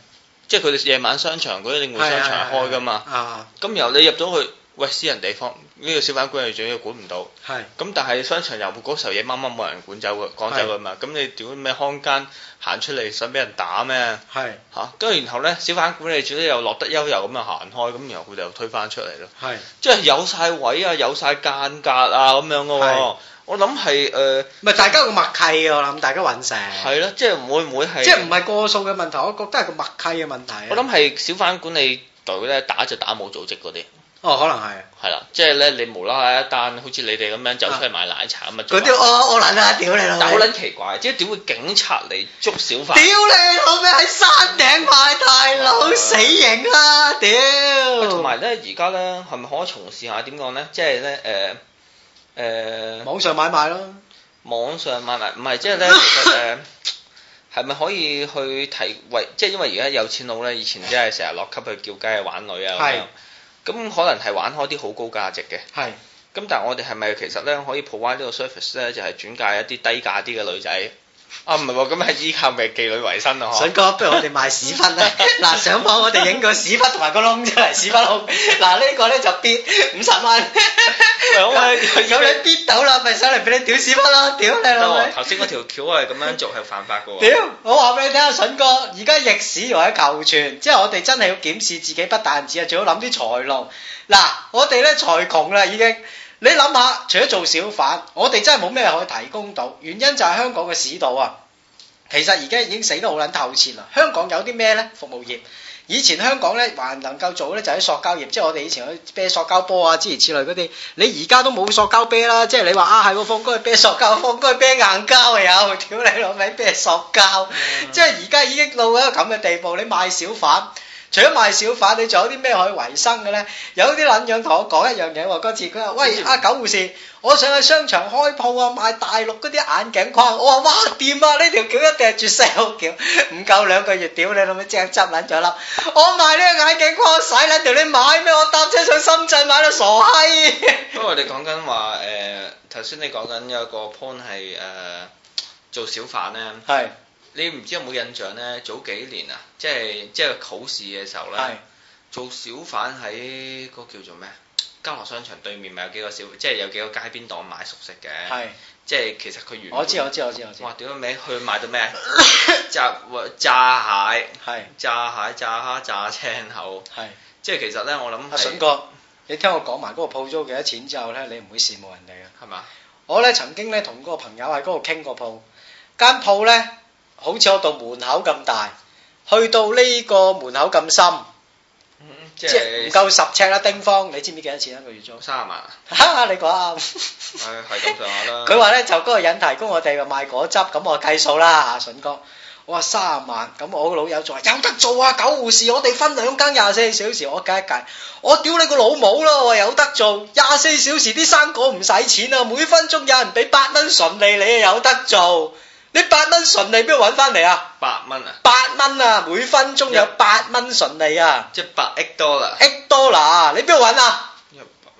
即係佢哋夜晚商場嗰啲戶外商場開㗎嘛，啊咁由你入咗去喂私人地方。呢個小販管理處又管唔到，係咁是但係商場又嗰時候夜晚冇人管走嘅，講走嘅嘛，咁是你屌咩看間行出嚟想俾人打咩？係嚇是，跟住、啊、然後咧，小販管理處咧又落得悠悠咁啊行開，咁然後佢就推返出嚟咯。係是即係有晒位啊，有晒間隔啊，咁樣嘅、啊、喎是、呃。我諗係誒，唔係大家個默契啊，我諗大家混成係咯，即係會唔會係？即係唔係過數嘅問題，我覺得係個默契嘅問題、啊。我諗係小販管理隊咧打就打冇組織嗰啲。哦，可能係，係啦、啊，即係咧，你無啦啦一單，好似你哋咁樣走出去買奶茶咁啊！嗰啲我我撚啊屌你老，但係好撚奇怪，即係點會警察嚟捉小販？屌你老咩喺、就是、山頂買大佬、啊、死刑啦、啊、屌！同埋咧，而家咧係咪可以從事下點講咧？即係咧誒誒，就是呃呃、網上買賣咯，網上買賣唔係即係咧誒，係咪、就是、 可以去提為？即係、就是、因為而家有錢佬咧，以前即係成日落級去叫雞啊、玩女啊 咁可能係玩開啲好高價值嘅，係。咁但係我哋係咪其實咧可以 provide 呢個 service 咧，就係轉介一啲低價啲嘅女仔？啊唔係喎，咁係、啊、依靠咪妓女為生咯呵！筍哥，不如我哋賣屎忽啦！嗱，上網我哋影個屎忽同埋個窿出嚟，屎忽窿嗱呢個咧就邊五十萬，咁啊有人跌到啦，咪上嚟俾你屌屎忽咯，屌你老！頭先嗰條橋係咁樣做係 犯法嘅喎。屌 我話俾你聽啊，筍哥，而家逆市又喺舊傳，即係我哋真係要檢視自己不但止啊，仲要諗啲財路。嗱，我哋咧財窮啦已經。已經你諗下，除咗做小販，我哋真係冇咩可以提供到。原因就係香港嘅市道啊，其實而家已經死得好捻透徹啦。香港有啲咩咧？服務業，以前香港咧還能夠做咧就喺塑膠業，即係我哋以前去啤塑膠波啊，諸如此類嗰啲。你而家都冇塑膠啤啦，即係你話啊係喎，放開啤塑膠，放開啤硬膠又有，屌、哎、你老味，啤塑膠，即係而家已經到一個咁嘅地步，你賣小販。除咗賣小販，你仲有啲咩可以維生嘅呢？有啲卵樣同我講一樣嘢，嗰次佢話：喂，阿狗護士，我想去商場開鋪啊，賣大陸嗰啲眼鏡框。我話：哇，掂啊！呢條橋一定係絕世好橋，唔夠兩個月，屌你老味即刻執卵咗喇。我賣呢個眼鏡框，使捻條你買咩？我搭車上深圳買到傻閪。不過我哋，呃，你講緊話，誒，頭先你講緊有個 point 係誒，呃，做小販呢。」係。你唔知有冇印象咧？早幾年啊，即係即係考試嘅時候咧，是做小販喺嗰個叫做咩家樂商場對面，咪有幾個小即係有幾個街邊檔買熟食嘅，是即係其實佢完我知我知我知我知哇！屌你咪去買到咩？ 炸炸蟹係是炸蟹、炸蝦、炸青口，係是即係其實咧，我諗阿筍哥，你聽我講埋嗰個鋪租幾多錢之後咧，你唔會羨慕人哋嘅係嘛？吧我咧曾經咧同個朋友喺嗰度傾過鋪間鋪咧。好似我度門口咁大，去到呢個門口咁深，即係唔夠十尺啦丁方。你知唔知幾多錢一個月租？三啊萬。 你講說啱。係咁上下啦。佢、就、話、是、 呢，就嗰個人提供我哋賣果汁，咁我計數啦，阿順哥。我話三啊萬，咁我個老友仲話有得做啊，狗護士，我哋分兩間廿四小時，我計一計，我屌你個老母咯，我有得做。廿四小時啲生果唔使錢啊，每分鐘有人俾八蚊純利，你啊有得做。你八蚊純利邊度揾翻嚟啊？八蚊啊？八蚊啊？每分鐘有八蚊純利啊？即係八億多啦！億多嗱，你邊度揾啊？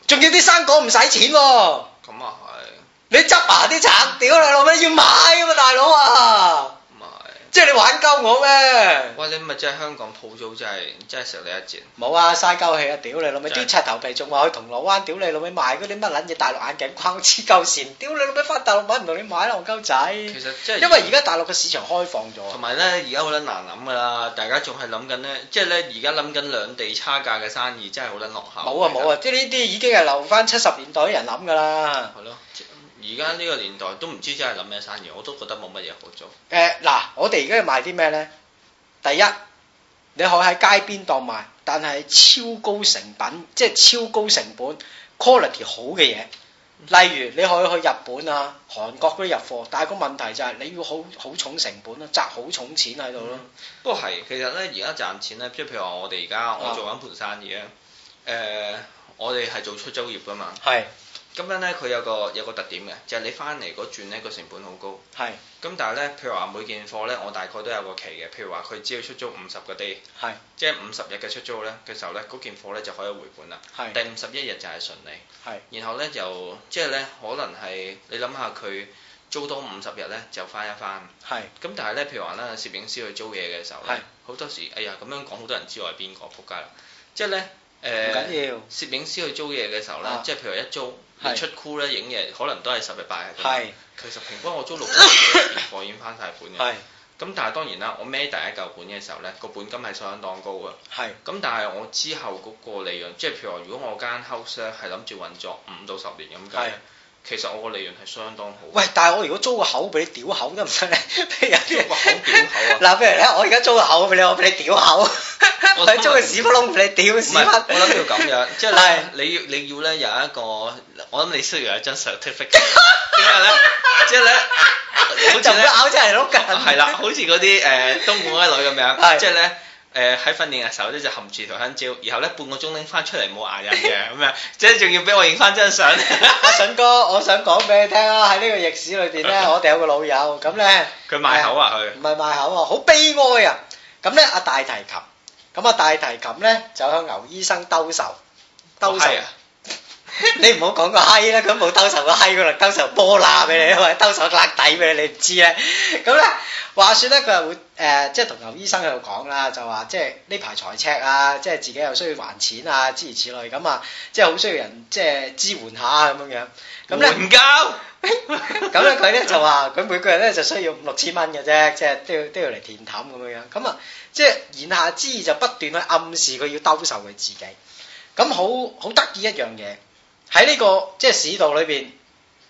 仲要啲生果唔使錢喎、啊。咁、嗯、啊係。你執埋啲橙，屌你老味要買、啊。玩鳩我咩？喂，你咪真係香港鋪租、就是、真係真係食你一箭。冇啊，嘥鳩氣啊！屌你老味，啲刷是頭皮仲話去銅鑼灣，屌你老味賣嗰啲乜撚嘢大陸眼鏡框，痴鳩線！屌你老味，翻大陸買唔同你買啦，我鳩仔。其實即係因為而家大陸嘅市場開放咗。同埋咧，而家好撚難諗噶啦，大家仲係諗緊咧，即係咧，而家諗緊兩地差價嘅生意，真係好撚落後。冇啊冇啊，即係呢啲已經係留翻七十年代啲人諗噶啦。係咯、啊。而家呢個年代都唔知真係諗咩生意，我都覺得冇乜嘢好做。誒嗱、呃，我哋而家要賣啲咩咧？第一，你可以喺街邊檔賣，但係超高成品，即係超高成本，quality 好嘅嘢。例如你可以去日本啊、韓國嗰啲入貨，但係個問題就係你要好好重成本啊，賺好重錢喺度咯。不過係，其實咧，而家賺錢咧，即係譬如話，我哋而家我做緊盤生意啊，誒、呃，我哋係做出租業噶嘛。係。咁樣咧，佢有個有個特點嘅，就係你翻嚟嗰轉咧，個成本好高。係是。咁但係咧，譬如話每件貨咧，我大概都有個期嘅。譬如話，佢只要出租五十個 day，係。是即係五十日嘅出租咧嘅時候咧，嗰件貨咧就可以回本啦。係是。第五十一日就係純利。係是。然後咧，就即係咧，可能係你諗下佢租多五十日咧，就翻一翻。係是。咁但係咧，譬如話咧，攝影師去租嘢嘅時候咧，好是多時哎呀咁樣講，好多人知我係邊個，仆街啦！即係咧、呃、唔緊要攝影師去租嘢嘅時候咧，即係譬如一租。係出庫咧，影嘢可能都係十日八日咁。係是 其實平均我租六個月 是，我已經翻晒本嘅。係咁，但係當然啦，我孭第一嚿本嘅時候咧，個本金係相當高嘅。係咁，但係我之後嗰個利潤，即係譬如話如果我間 house 咧係諗住運作五到十年咁計。是 其實我個利潤係相當好。喂，但係我如果租個口俾你屌口得唔得咧？俾個口屌口啊！嗱，譬如咧，我而家租個口俾你，我俾你屌口。我睇租個屎窟窿俾你屌屎窟。唔係，我諗要咁樣，即係 你，你要你要咧有一個，我諗你需要有一張 certificate。即係咧，即係咧，好似咧咬真係碌㗎。係啦，好似嗰啲誒東莞一女咁樣，即係咧。誒，喺訓練嘅時候咧就含住條香蕉，然後咧半個鐘拎翻出嚟冇牙印嘅，咁 樣即係仲要俾我影翻張相。阿 信、啊、哥，我想講俾你聽啊，喺呢個歷史裏邊咧， 我哋有個老友，咁咧佢賣口啊，佢唔係賣口啊，好悲哀啊！咁咧阿大提琴，咁、啊、阿大提琴咧就向牛醫生兜售，兜售、哦。 你唔好講個嗨啦！佢冇兜售個嗨，佢嚟兜售波拿俾你啊嘛！兜售甩底俾你，你唔知咧。咁咧話説咧，佢係會誒，即係同劉醫生喺度講啦，就話即係呢排財赤啊，即係自己又需要還錢啊，諸如此類咁啊，即係好需要人即係支援下咁樣樣。咁唔換夠咁咧，佢 咧就話佢每個人咧就需要五六千蚊嘅啫，即係都，都要都要嚟填氹咁樣樣。咁啊，即係言下之意就不斷去暗示佢要兜售佢自己。咁好好得意一樣嘢。喺呢個即係市道裏邊，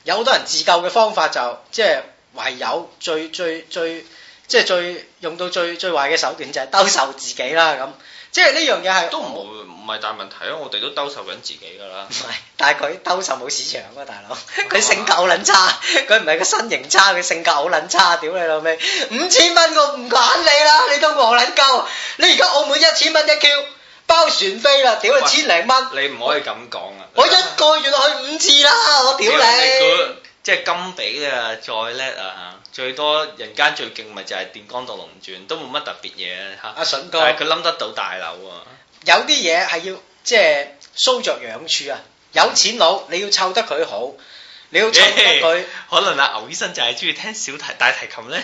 有好多人自救嘅方法就即係唯有最最最即係最用到最最壞嘅手段就係兜售自己啦咁，即係呢樣嘢係都唔唔係大問題啊。我哋都兜售緊自己噶啦。唔係，但係佢兜售冇市場啊，大佬佢、啊、 性格好撚差，佢唔係個身形差，佢性格好撚差，屌你老味，五千蚊我唔管你啦，你都戇撚鳩。你而家澳門一千蚊一 Q 包船飛啦，屌你喂千零蚊。你唔可以咁講。我一個月落去五次啦，我屌你！即係金比啊，再叻啊，最多人間最勁咪就係電光獨龍轉，都冇乜特別嘢嚇。阿筍哥，佢冧得到大樓啊！有啲嘢係要即係搔着癢處啊，有錢佬你要湊得佢好。你要吹得佢，可能啊牛醫生就係中意聽小提大提琴咧。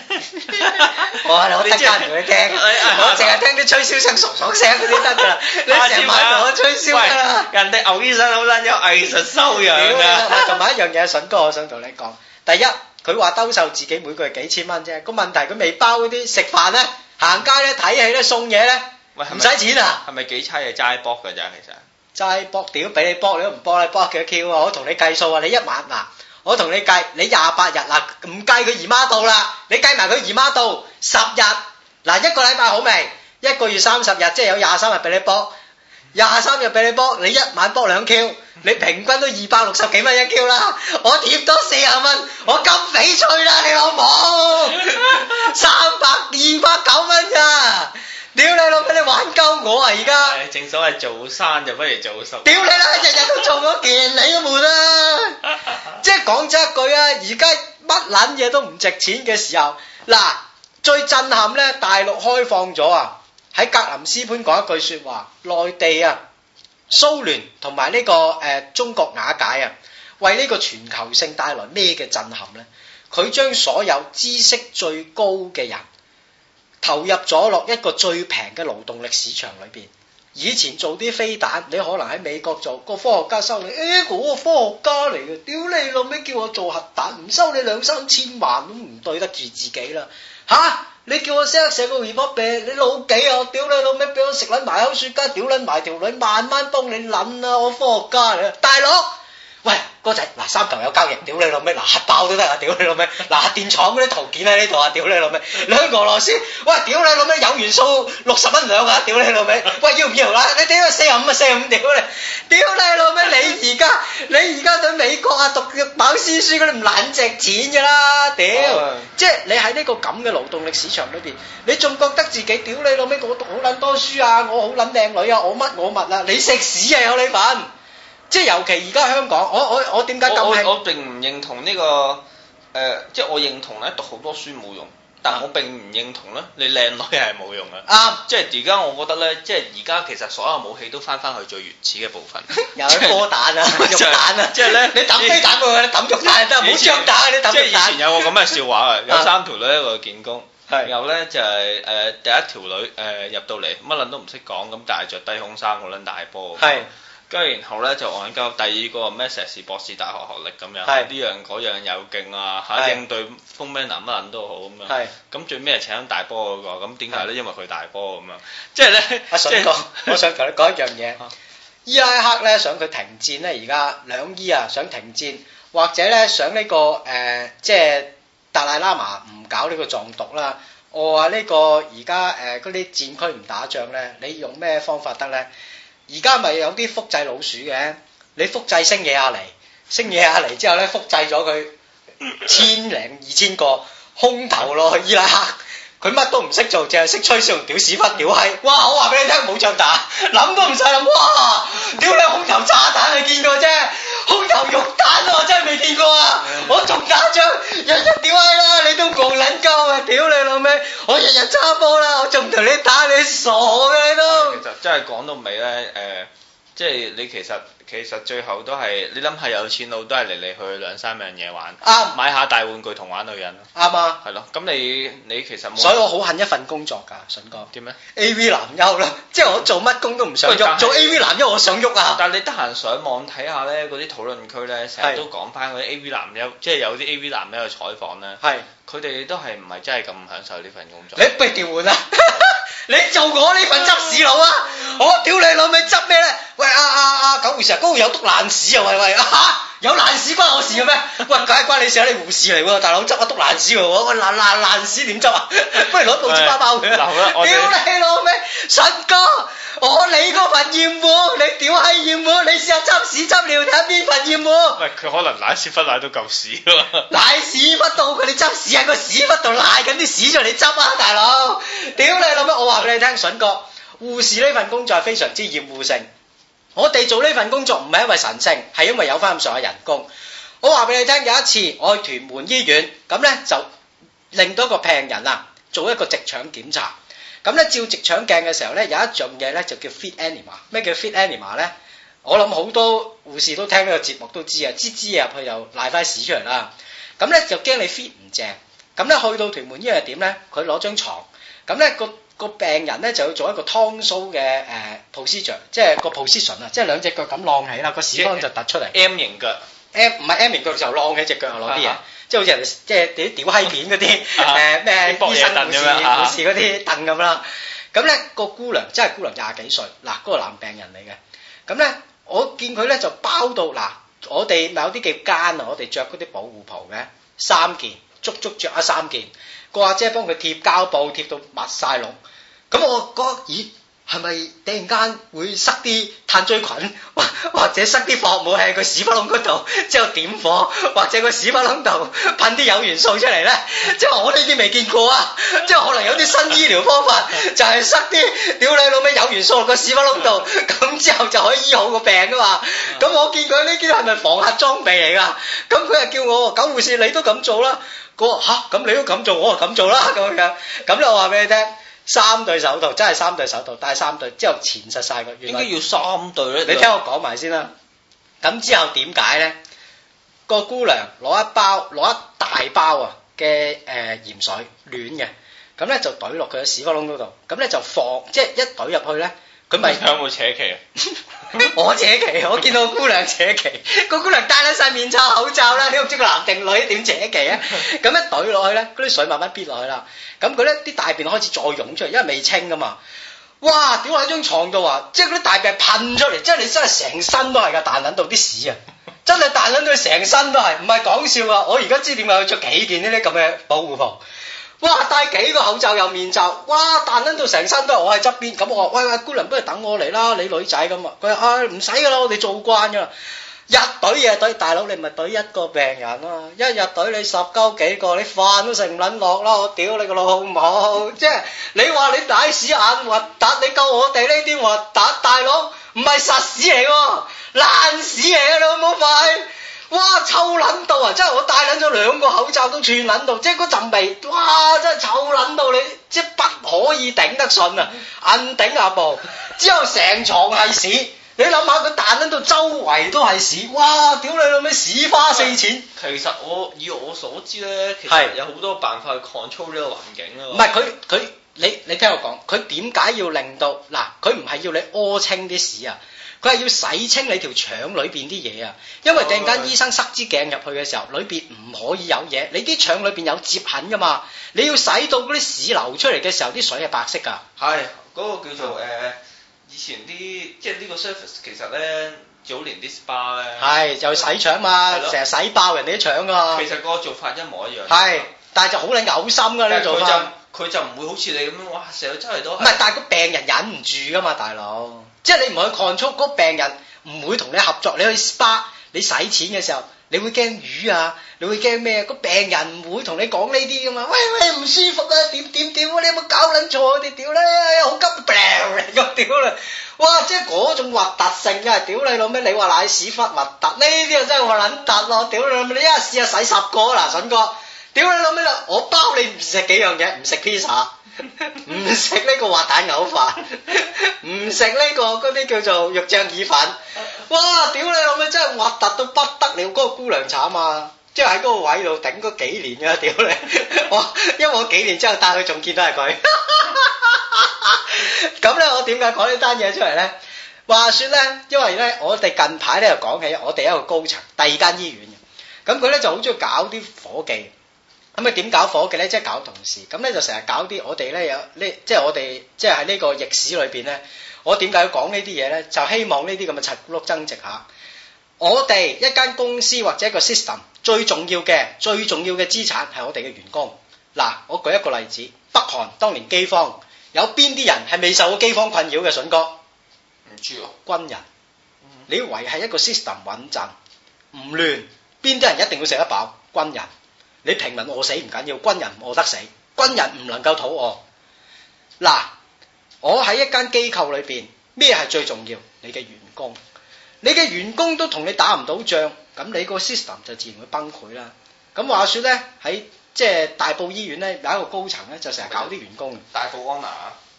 我係我聽翻嚟佢聽，我淨係聽啲吹簫聲傻傻聲先得噶。你成晚同我吹簫啊？人哋牛醫生好捻有藝術修養啊！我同埋一樣嘢，筍哥，我想同你講，第一佢話兜售自己每個月幾千蚊啫，個問題佢未包嗰啲食飯咧、行街咧、睇戲咧、送嘢咧，喂唔使錢啊？係咪幾差啊齋 book 噶咋其實？就係博屌，俾你博，你都唔博，你博幾多 Q 啊？我同你計數啊！你一晚嗱，我同你計，你廿八日嗱，唔計佢姨媽到啦，你計埋佢姨媽到十日嗱，一個禮拜好未？一個月三十日，即係有廿三日俾你博，廿三日俾你博，你一晚博兩 Q，你平均都二百六十幾蚊一 Q 啦，我貼多四十蚊，我咁翡翠啦，你好唔好？三百二百九蚊咋，啊。屌你老，俾你玩鳩我啊！而家正所謂做生就不如做熟。屌你啦，日日都做咗件你嘅悶啦。即係講真一句啊，而家乜撚嘢都唔值錢嘅時候，嗱，最震撼咧，大陸開放咗啊！喺格林斯潘講一句説話，內地啊，蘇聯同埋呢個誒中國瓦解啊，為呢個全球性帶來咩嘅震撼咧？佢將所有知識最高嘅人。投入咗落一個最平嘅勞動力市場裏邊，以前做啲飛彈，你可能喺美國做個科學家收你，誒、哎，我、嗰個、科學家嚟嘅，屌你老味叫我做核彈，唔收你兩三千萬都唔對得住自己啦，吓，你叫我寫一寫個 report 俾你老幾啊，屌你老味俾我食撚埋口雪茄，屌撚埋條女，慢慢幫你諗啦，我科學家嚟，大佬。喂，哥仔，嗱三球有交易，屌你老味，嗱核爆都得啊，屌你老味，嗱核電廠嗰啲圖件喺呢度啊，屌你老味，兩俄羅斯，喂，屌你老味有元素六十蚊兩啊，屌你老味，喂要唔要啊？你屌解四廿五啊，四廿五屌你，屌你老味，你而家你而家對美國啊讀嘅某啲書嗰啲唔撚值錢㗎啦，屌，即係你喺呢個咁嘅勞動力市場裏邊，你仲覺得自己屌你老味我讀好撚多書啊，我好撚靚女啊，我乜我乜啊？你食屎啊有你份！即係尤其而家香港，我我我點解咁我我並唔認，這個呃、認同呢個誒，即係我認同咧讀好多書冇用，但我並唔認同咧你靚女係冇用嘅。啱、啊，即係而家我覺得咧，即係而家其實所有武器都翻返去最原始嘅部分。 有波彈啊，就係、肉彈啊，即係咧你抌飛彈過去，抌肉彈得，唔好將彈啊！你抌肉彈。即係以前有個咁嘅笑話啊， 有三條女一個見工，的然後咧就係、是、誒、呃、第一條女誒、呃、入到嚟乜撚都唔識講，咁但係著低胸衫個撚大波。係。跟住然後咧就研究，第二個咩碩士博士大學學歷咁樣，呢是樣嗰樣又勁啊！嚇是，應對封兵難不難都好咁樣，咁是最尾係請大波嗰、那個，咁點解咧？是因為佢大波咁樣，即係咧，即係 我想同你講一樣嘢。啊、伊拉克咧想佢停戰咧，而家兩伊啊想停戰，或者咧想呢、這個誒、呃，即係達賴喇嘛唔搞呢個藏獨啦。我話呢、這個而家誒嗰啲戰區唔打仗咧，你用咩方法得咧？而家咪有啲複製老鼠嘅，你複製星野下嚟，星野下嚟之後咧，複製咗佢千零二千個空投落去伊拉克。佢乜都唔識做，淨係識吹水同屌屎忽屌閪。哇！我話俾你聽，冇仗打，諗都唔使諗。哇！屌你空頭炸彈，你見過啫？空頭肉彈，我真係未見過啊！呃、我仲打仗，日日屌閪啦，你都講撚鳩啊！屌你老味，我日日揸波啦，我仲同你打，你傻嘅你都。其實真係講到尾咧，誒、呃。即係你其實其實最後都係你諗下，有錢佬都係嚟嚟去去兩三樣嘢玩，啱、啊、買下大玩具同玩女人、啊、咯，啱啊，係咯。咁你你其實冇，所以我好恨一份工作㗎，信哥點咧？A V 男優啦，即係我做乜工都唔想喐，是做 A V 男優我想喐啊！但係你得閒上網睇下咧，嗰啲討論區咧，成日都講翻嗰啲 A V 男優，即、就、係、是、有啲 A V 男優嘅採訪咧，係佢哋都係唔係真係咁享受呢份工作？你不如調換啊！ 你做我呢份執屎佬啊！我屌 你老味執咩咧？喂啊啊啊，狗護士啊？嗰度有篤爛屎啊！喂喂，吓有爛屎關我事嘅咩？喂，梗係關你事啊！你護士嚟喎，大佬執下篤爛屎喎，我爛爛爛屎點執啊？不如攞報紙包包佢。屌你老味，笋哥，我你嗰份厭惡，你屌係厭惡，你試下執屎執尿，睇下邊份厭惡？喂，佢可能賴屎忽賴到嚿屎咯。賴屎忽到佢哋執屎喺個屎忽度賴緊啲屎出嚟，你執啊，大佬！屌你老味，我話俾你聽，笋哥，護士呢份工作係非常之厭惡性。我哋做呢份工作唔係因為神聖，係因為有翻咁上下人工。我話俾你聽，有一次我去屯門醫院，咁咧就令到一個病人啊做一個直腸檢查，咁咧照直腸鏡嘅時候咧有一樣嘢咧就叫 fit animal。咩叫 fit animal 咧？我諗好多護士都聽呢個節目都知啊，吱吱入去又瀨翻屎出嚟啦。咁咧就驚你 fit 唔正，咁咧去到屯門醫院係點咧？佢攞張床，咁咧個。個病人咧就要做一個湯蘇嘅誒 pose，即係個 position 啊，即係兩隻腳咁晾起啦，個屎坑就突出嚟。M 型腳，M 唔係 M 型腳就晾起隻腳啊，攞啲人，即係好似人即係啲屌閪片嗰啲誒咩醫生護士護士嗰啲凳咁啦。咁咧個姑娘真係姑娘廿幾歲，嗱，嗰個男病人嚟嘅。咁咧我見佢咧就包到嗱，我哋咪有啲叫間啊，我哋着嗰啲保護袍嘅，三件足足着咗三件。個阿姐幫佢貼膠布，貼到抹晒籠。咁我覺咦，係咪突然間會塞啲炭疽菌或，或者塞啲化學喺個屎忽窿嗰度，之後點火，或者個屎忽窿度噴啲有元素出嚟咧？即係我呢啲未見過啊！即係可能有啲新醫療方法，就係、是、塞啲屌你老味有元素落個屎忽窿度，咁之後就可以醫好個病噶、啊、嘛？咁我見佢呢啲係咪防核裝備嚟噶？咁佢又叫我狗護士，你都咁做啦？我話吓，咁、啊、你都咁做，我啊咁做啦咁樣就。咁我話俾你聽。三對手套，真係三對手套，戴三對之後纏實晒佢。點解要三對咧？你聽我講埋先啦。咁之後點解咧？個姑娘攞一包，攞一大包啊嘅誒鹽水暖嘅，咁咧就懟落佢屎忽窿嗰度，咁咧就放，即係一懟入去咧。佢咪有冇扯旗啊？ 我扯旗，我見到姑娘扯旗。個姑娘戴咗晒面罩口罩啦，你唔知個男定女點扯旗啊？咁 一懟落去咧，嗰啲水慢慢逼落去啦。咁佢咧啲大便開始再湧出嚟，因為未清噶嘛。哇！點我喺張床度啊？即係嗰啲大便噴出嚟，即係你真係成身都係噶，彈撚到啲屎啊！真係彈撚到成身都係，唔係講笑啊！我而家知點解着幾件呢啲咁嘅保護服。哇！戴幾個口罩又面罩，哇！彈撚到成身都係，我喺側邊咁我話，喂，姑娘不如等我嚟啦，你女仔咁啊？佢話：唉、哎，唔使噶啦，我哋做慣咗啦，日隊夜隊，大佬你咪隊一個病人咯、啊，一日隊你十鳩幾個，你飯都食唔撚落啦！我屌你個老母，即係 你話你大屎眼核突，你救我哋呢啲核突，大佬唔係實屎嚟喎，爛屎嚟噶啦，老母閪。」哇，臭撚到啊！即係我戴緊咗兩個口罩都串撚到，即係嗰陣味，哇！真係臭撚到你，即係不可以頂得順 啊，硬頂下部。之後成床係屎， 你諗下佢彈撚到周圍都係屎，哇！屌你老味，屎花四錢。其實我以我所知咧，其實係有好多辦法去 control 呢個環境啊。唔係佢佢，你你聽我講，佢點解要令到嗱？佢唔係要你屙清啲屎啊！佢係要洗清你條腸裏邊啲嘢啊！因為突然間醫生塞支鏡入去嘅時候，裏邊唔可以有嘢。你啲腸裏邊有折痕噶嘛？你要洗到嗰啲屎流出嚟嘅時候，啲水係白色㗎。係嗰、嗯、個叫做誒、呃、以前啲即係呢個 surface 其實咧早年啲 SPA 咧係就洗腸嘛，成日的洗爆人哋啲腸㗎。其實個做法一模一樣。係，但係就好撚嘔心㗎呢做法。佢就唔會好似你咁樣哇，成日周圍都唔係，但係個病人忍唔住㗎嘛，大佬。即係你唔去 control 嗰個病人，唔會同你合作。你去 spa，你使錢嘅時候，你會驚淤驚魚啊，你會驚咩？個病人唔會同你講呢啲噶嘛。喂喂，唔舒服啊，點點點啊，你有冇搞撚錯我哋屌啦，好急病嚟咁屌啦！哇，即係嗰種核突性啊！屌你老味，你話奶屎忽核突？呢啲啊真係核捻突咯！屌你老味，你一試下使十個嗱準哥嗱筍哥，屌你老味啦，我包你唔食幾樣嘢，唔食披薩唔食呢個滑蛋牛飯，唔食呢個嗰啲叫做肉醬意粉。哇！屌你老味，真係核突到不得了，嗰、嗰個姑娘慘啊！即係喺嗰個位度頂咗幾年啊！屌你，哇，因為我幾年之後帶，但佢仲見到係佢。咁 咧，我點解講呢單嘢出嚟咧？話說咧，因為咧，我哋近排咧又講起我哋一個高層，第二間醫院嘅，咁佢咧就好中意搞啲伙計。咁啊，點搞火嘅咧？即係搞同事。咁咧就成日搞啲我哋咧有呢，有即係我哋即係喺呢個逆市裏邊咧。我點解要講呢啲嘢咧？就希望呢啲咁嘅砌咕碌增值下。我哋一間公司或者一個 system 最重要嘅最重要嘅資產係我哋嘅員工。嗱，我舉一個例子：北韓當年饑荒，有邊啲人係未受過饑荒困擾嘅？筍哥，唔知啊，軍人。你維係一個 system 穩陣，唔亂，邊啲人一定要食得飽？軍人。你平民餓死唔緊要，軍人唔餓得死。軍人唔能夠肚餓。嗱，我喺一間機構裏邊，咩係最重要？你嘅員工，你嘅員工都同你打唔到仗，咁你個 system 就自然會崩潰啦。咁話說咧，喺即係大埔醫院咧，有一個高層咧，就成日搞啲員工。是是大埔安娜。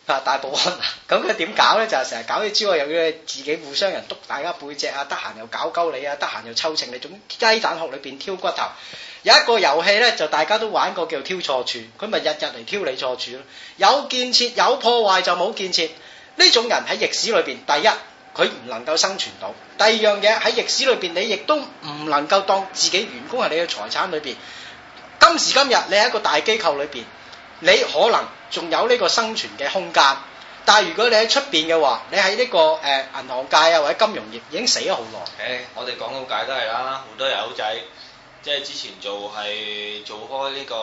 啊，大埔安娜。咁佢點搞咧？ 就係成日搞啲之外，又要自己互相人督大家背脊啊，得閒又搞鳩你啊，得閒又抽秤你，總之雞蛋殼裏邊挑骨頭。有一個遊戲咧，就大家都玩過叫做挑錯處，佢咪日日嚟挑你錯處咯。有建設有破壞就冇建設，呢種人喺歷史裏邊，第一佢唔能夠生存到；第二樣嘢喺歷史裏邊，你亦都唔能夠當自己員工係你嘅財產裏邊。今時今日，你喺一個大機構裏邊，你可能仲有呢個生存嘅空間，但係如果你喺出邊嘅話，你喺呢個誒銀行界啊或者金融業已經死咗好耐。誒，我哋講到界都係啦，多好多友仔。即係之前做係做開呢個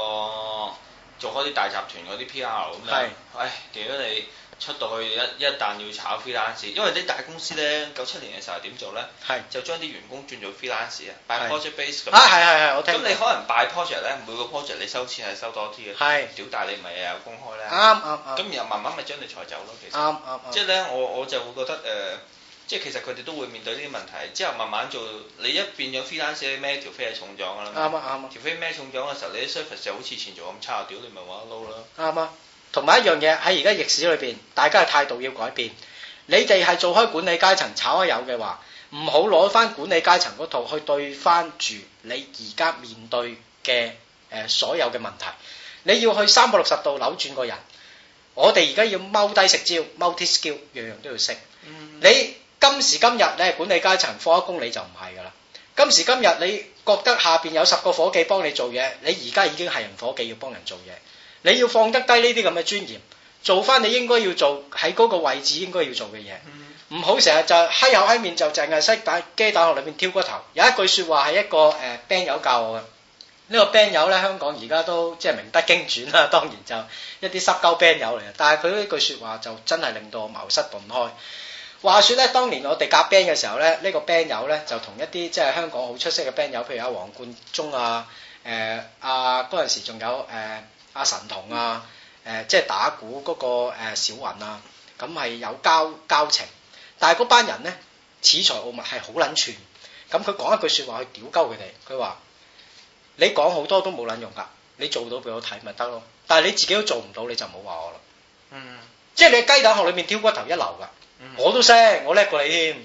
做開啲大集團嗰啲 P.R. 咁樣，是唉，如果你出到去一一旦要炒 freelance 因為啲大公司咧九七年嘅時候點做咧？係是就將啲員工轉做 freelancer，擺 project base 咁是。嚇係係係，我聽咁你可能拜 project 咧，每個 project 你收錢係收多啲嘅。係少是，但你咪又有工開咧。啱啱對。咁然後慢慢咪將你裁走咯，其實。啱啱。即係咧，我我，我就會覺得誒。呃即係其實佢哋都會面對呢啲問題，之後慢慢做，你一變咗 freelancer 咩條飛係重裝噶啦？啱啊啱啊！條、啊、飛咩重裝嘅時候，你啲 service 就好似前做咁差啊屌！你咪玩撈啦。啱啊，同埋一樣嘢喺而家逆市裏邊，大家嘅態度要改變。你哋係做開管理階層炒啊有嘅話，唔好攞翻管理階層嗰套去對翻住你而家面對嘅誒、呃、所有嘅問題。你要去三百六十度扭轉個人。我哋而家要踎低食蕉，踎多 skill，樣樣都要識。嗯、你。今時今日，你係管理階層放一公里就唔係噶啦。今時今日，你覺得下邊有十個伙計幫你做嘢，你而家已經係人伙計要幫人做嘢。你要放得低呢啲咁嘅尊嚴，做翻你應該要做喺嗰個位置應該要做嘅嘢。唔、嗯、好成日就黑口黑面就淨係識喺雞蛋殼裏面挑骨頭。有一句説話係一個誒 band、呃、友教我嘅，這個、呢個 band 友咧香港而家都即係名不經傳啦，當然就一啲濕鳩 band 友嚟嘅。但係佢呢句説話就真係令到我茅塞頓開。話説咧，當年我哋夾 band 嘅時候咧，這個、呢個 band 友咧就同一啲即係香港好出色嘅 band 友，譬如阿黃貫中啊，誒阿嗰陣時仲有誒阿、呃啊、神童啊，誒、呃、即係打鼓嗰、那個、呃、小雲啊，咁係有交交情。但係嗰班人咧恃才傲物係好撚串，咁佢講一句説話去屌鳩佢哋，佢話你講好多都冇撚用㗎，你做到俾我睇咪得咯，但係你自己都做唔到你就唔好話我啦。嗯，即係你雞蛋殼裏面挑骨頭一流㗎。嗯、我都識，我叻過你添。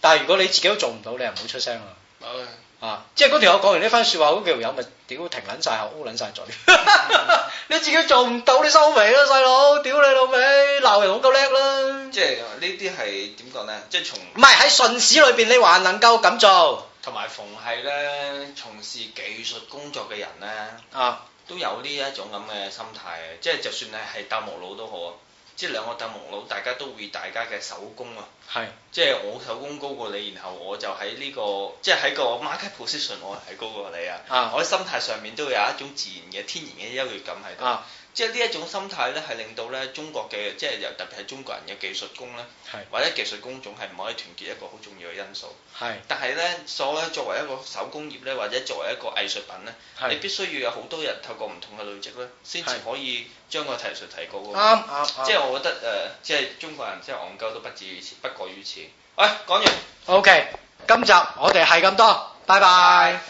但係如果你自己都做唔到，你又唔好出聲啊！嗯、啊，即係嗰條友講完呢番説話，嗰條友咪屌停撚晒口，烏撚晒嘴。哈哈嗯、 你自己做唔到，你收皮啦，細佬！屌你老味，鬧人好夠叻啦！即係呢啲係點講呢？即係從唔係喺順市裏邊，你還能夠咁做。同埋凡係呢，從事技術工作嘅人呢，啊，都有呢一種咁嘅心態。即係就算你係打木佬都好啊。即係兩個鬥木佬，大家都會大家嘅手工啊，係是即係我手工高過你，然後我就喺呢、這個，即係喺個 market position 我係高過你啊，啊我喺心態上面都會有一種自然嘅天然嘅優越感喺度。啊即係呢一種心態咧，係令到咧中國嘅即係又特別係中國人嘅技術工咧，是或者技術工種係唔可以團結一個好重要嘅因素。係是，但係咧所咧作為一個手工業咧，或者作為一個藝術品咧，是你必須要有好多人透過唔同嘅累積咧，先至可以將個藝術提高。啱啱是，即係我覺得誒、呃，即係中國人即係戇鳩都不止於此，不過於此。喂、哎，講完，OK，今集我哋係咁多，拜拜。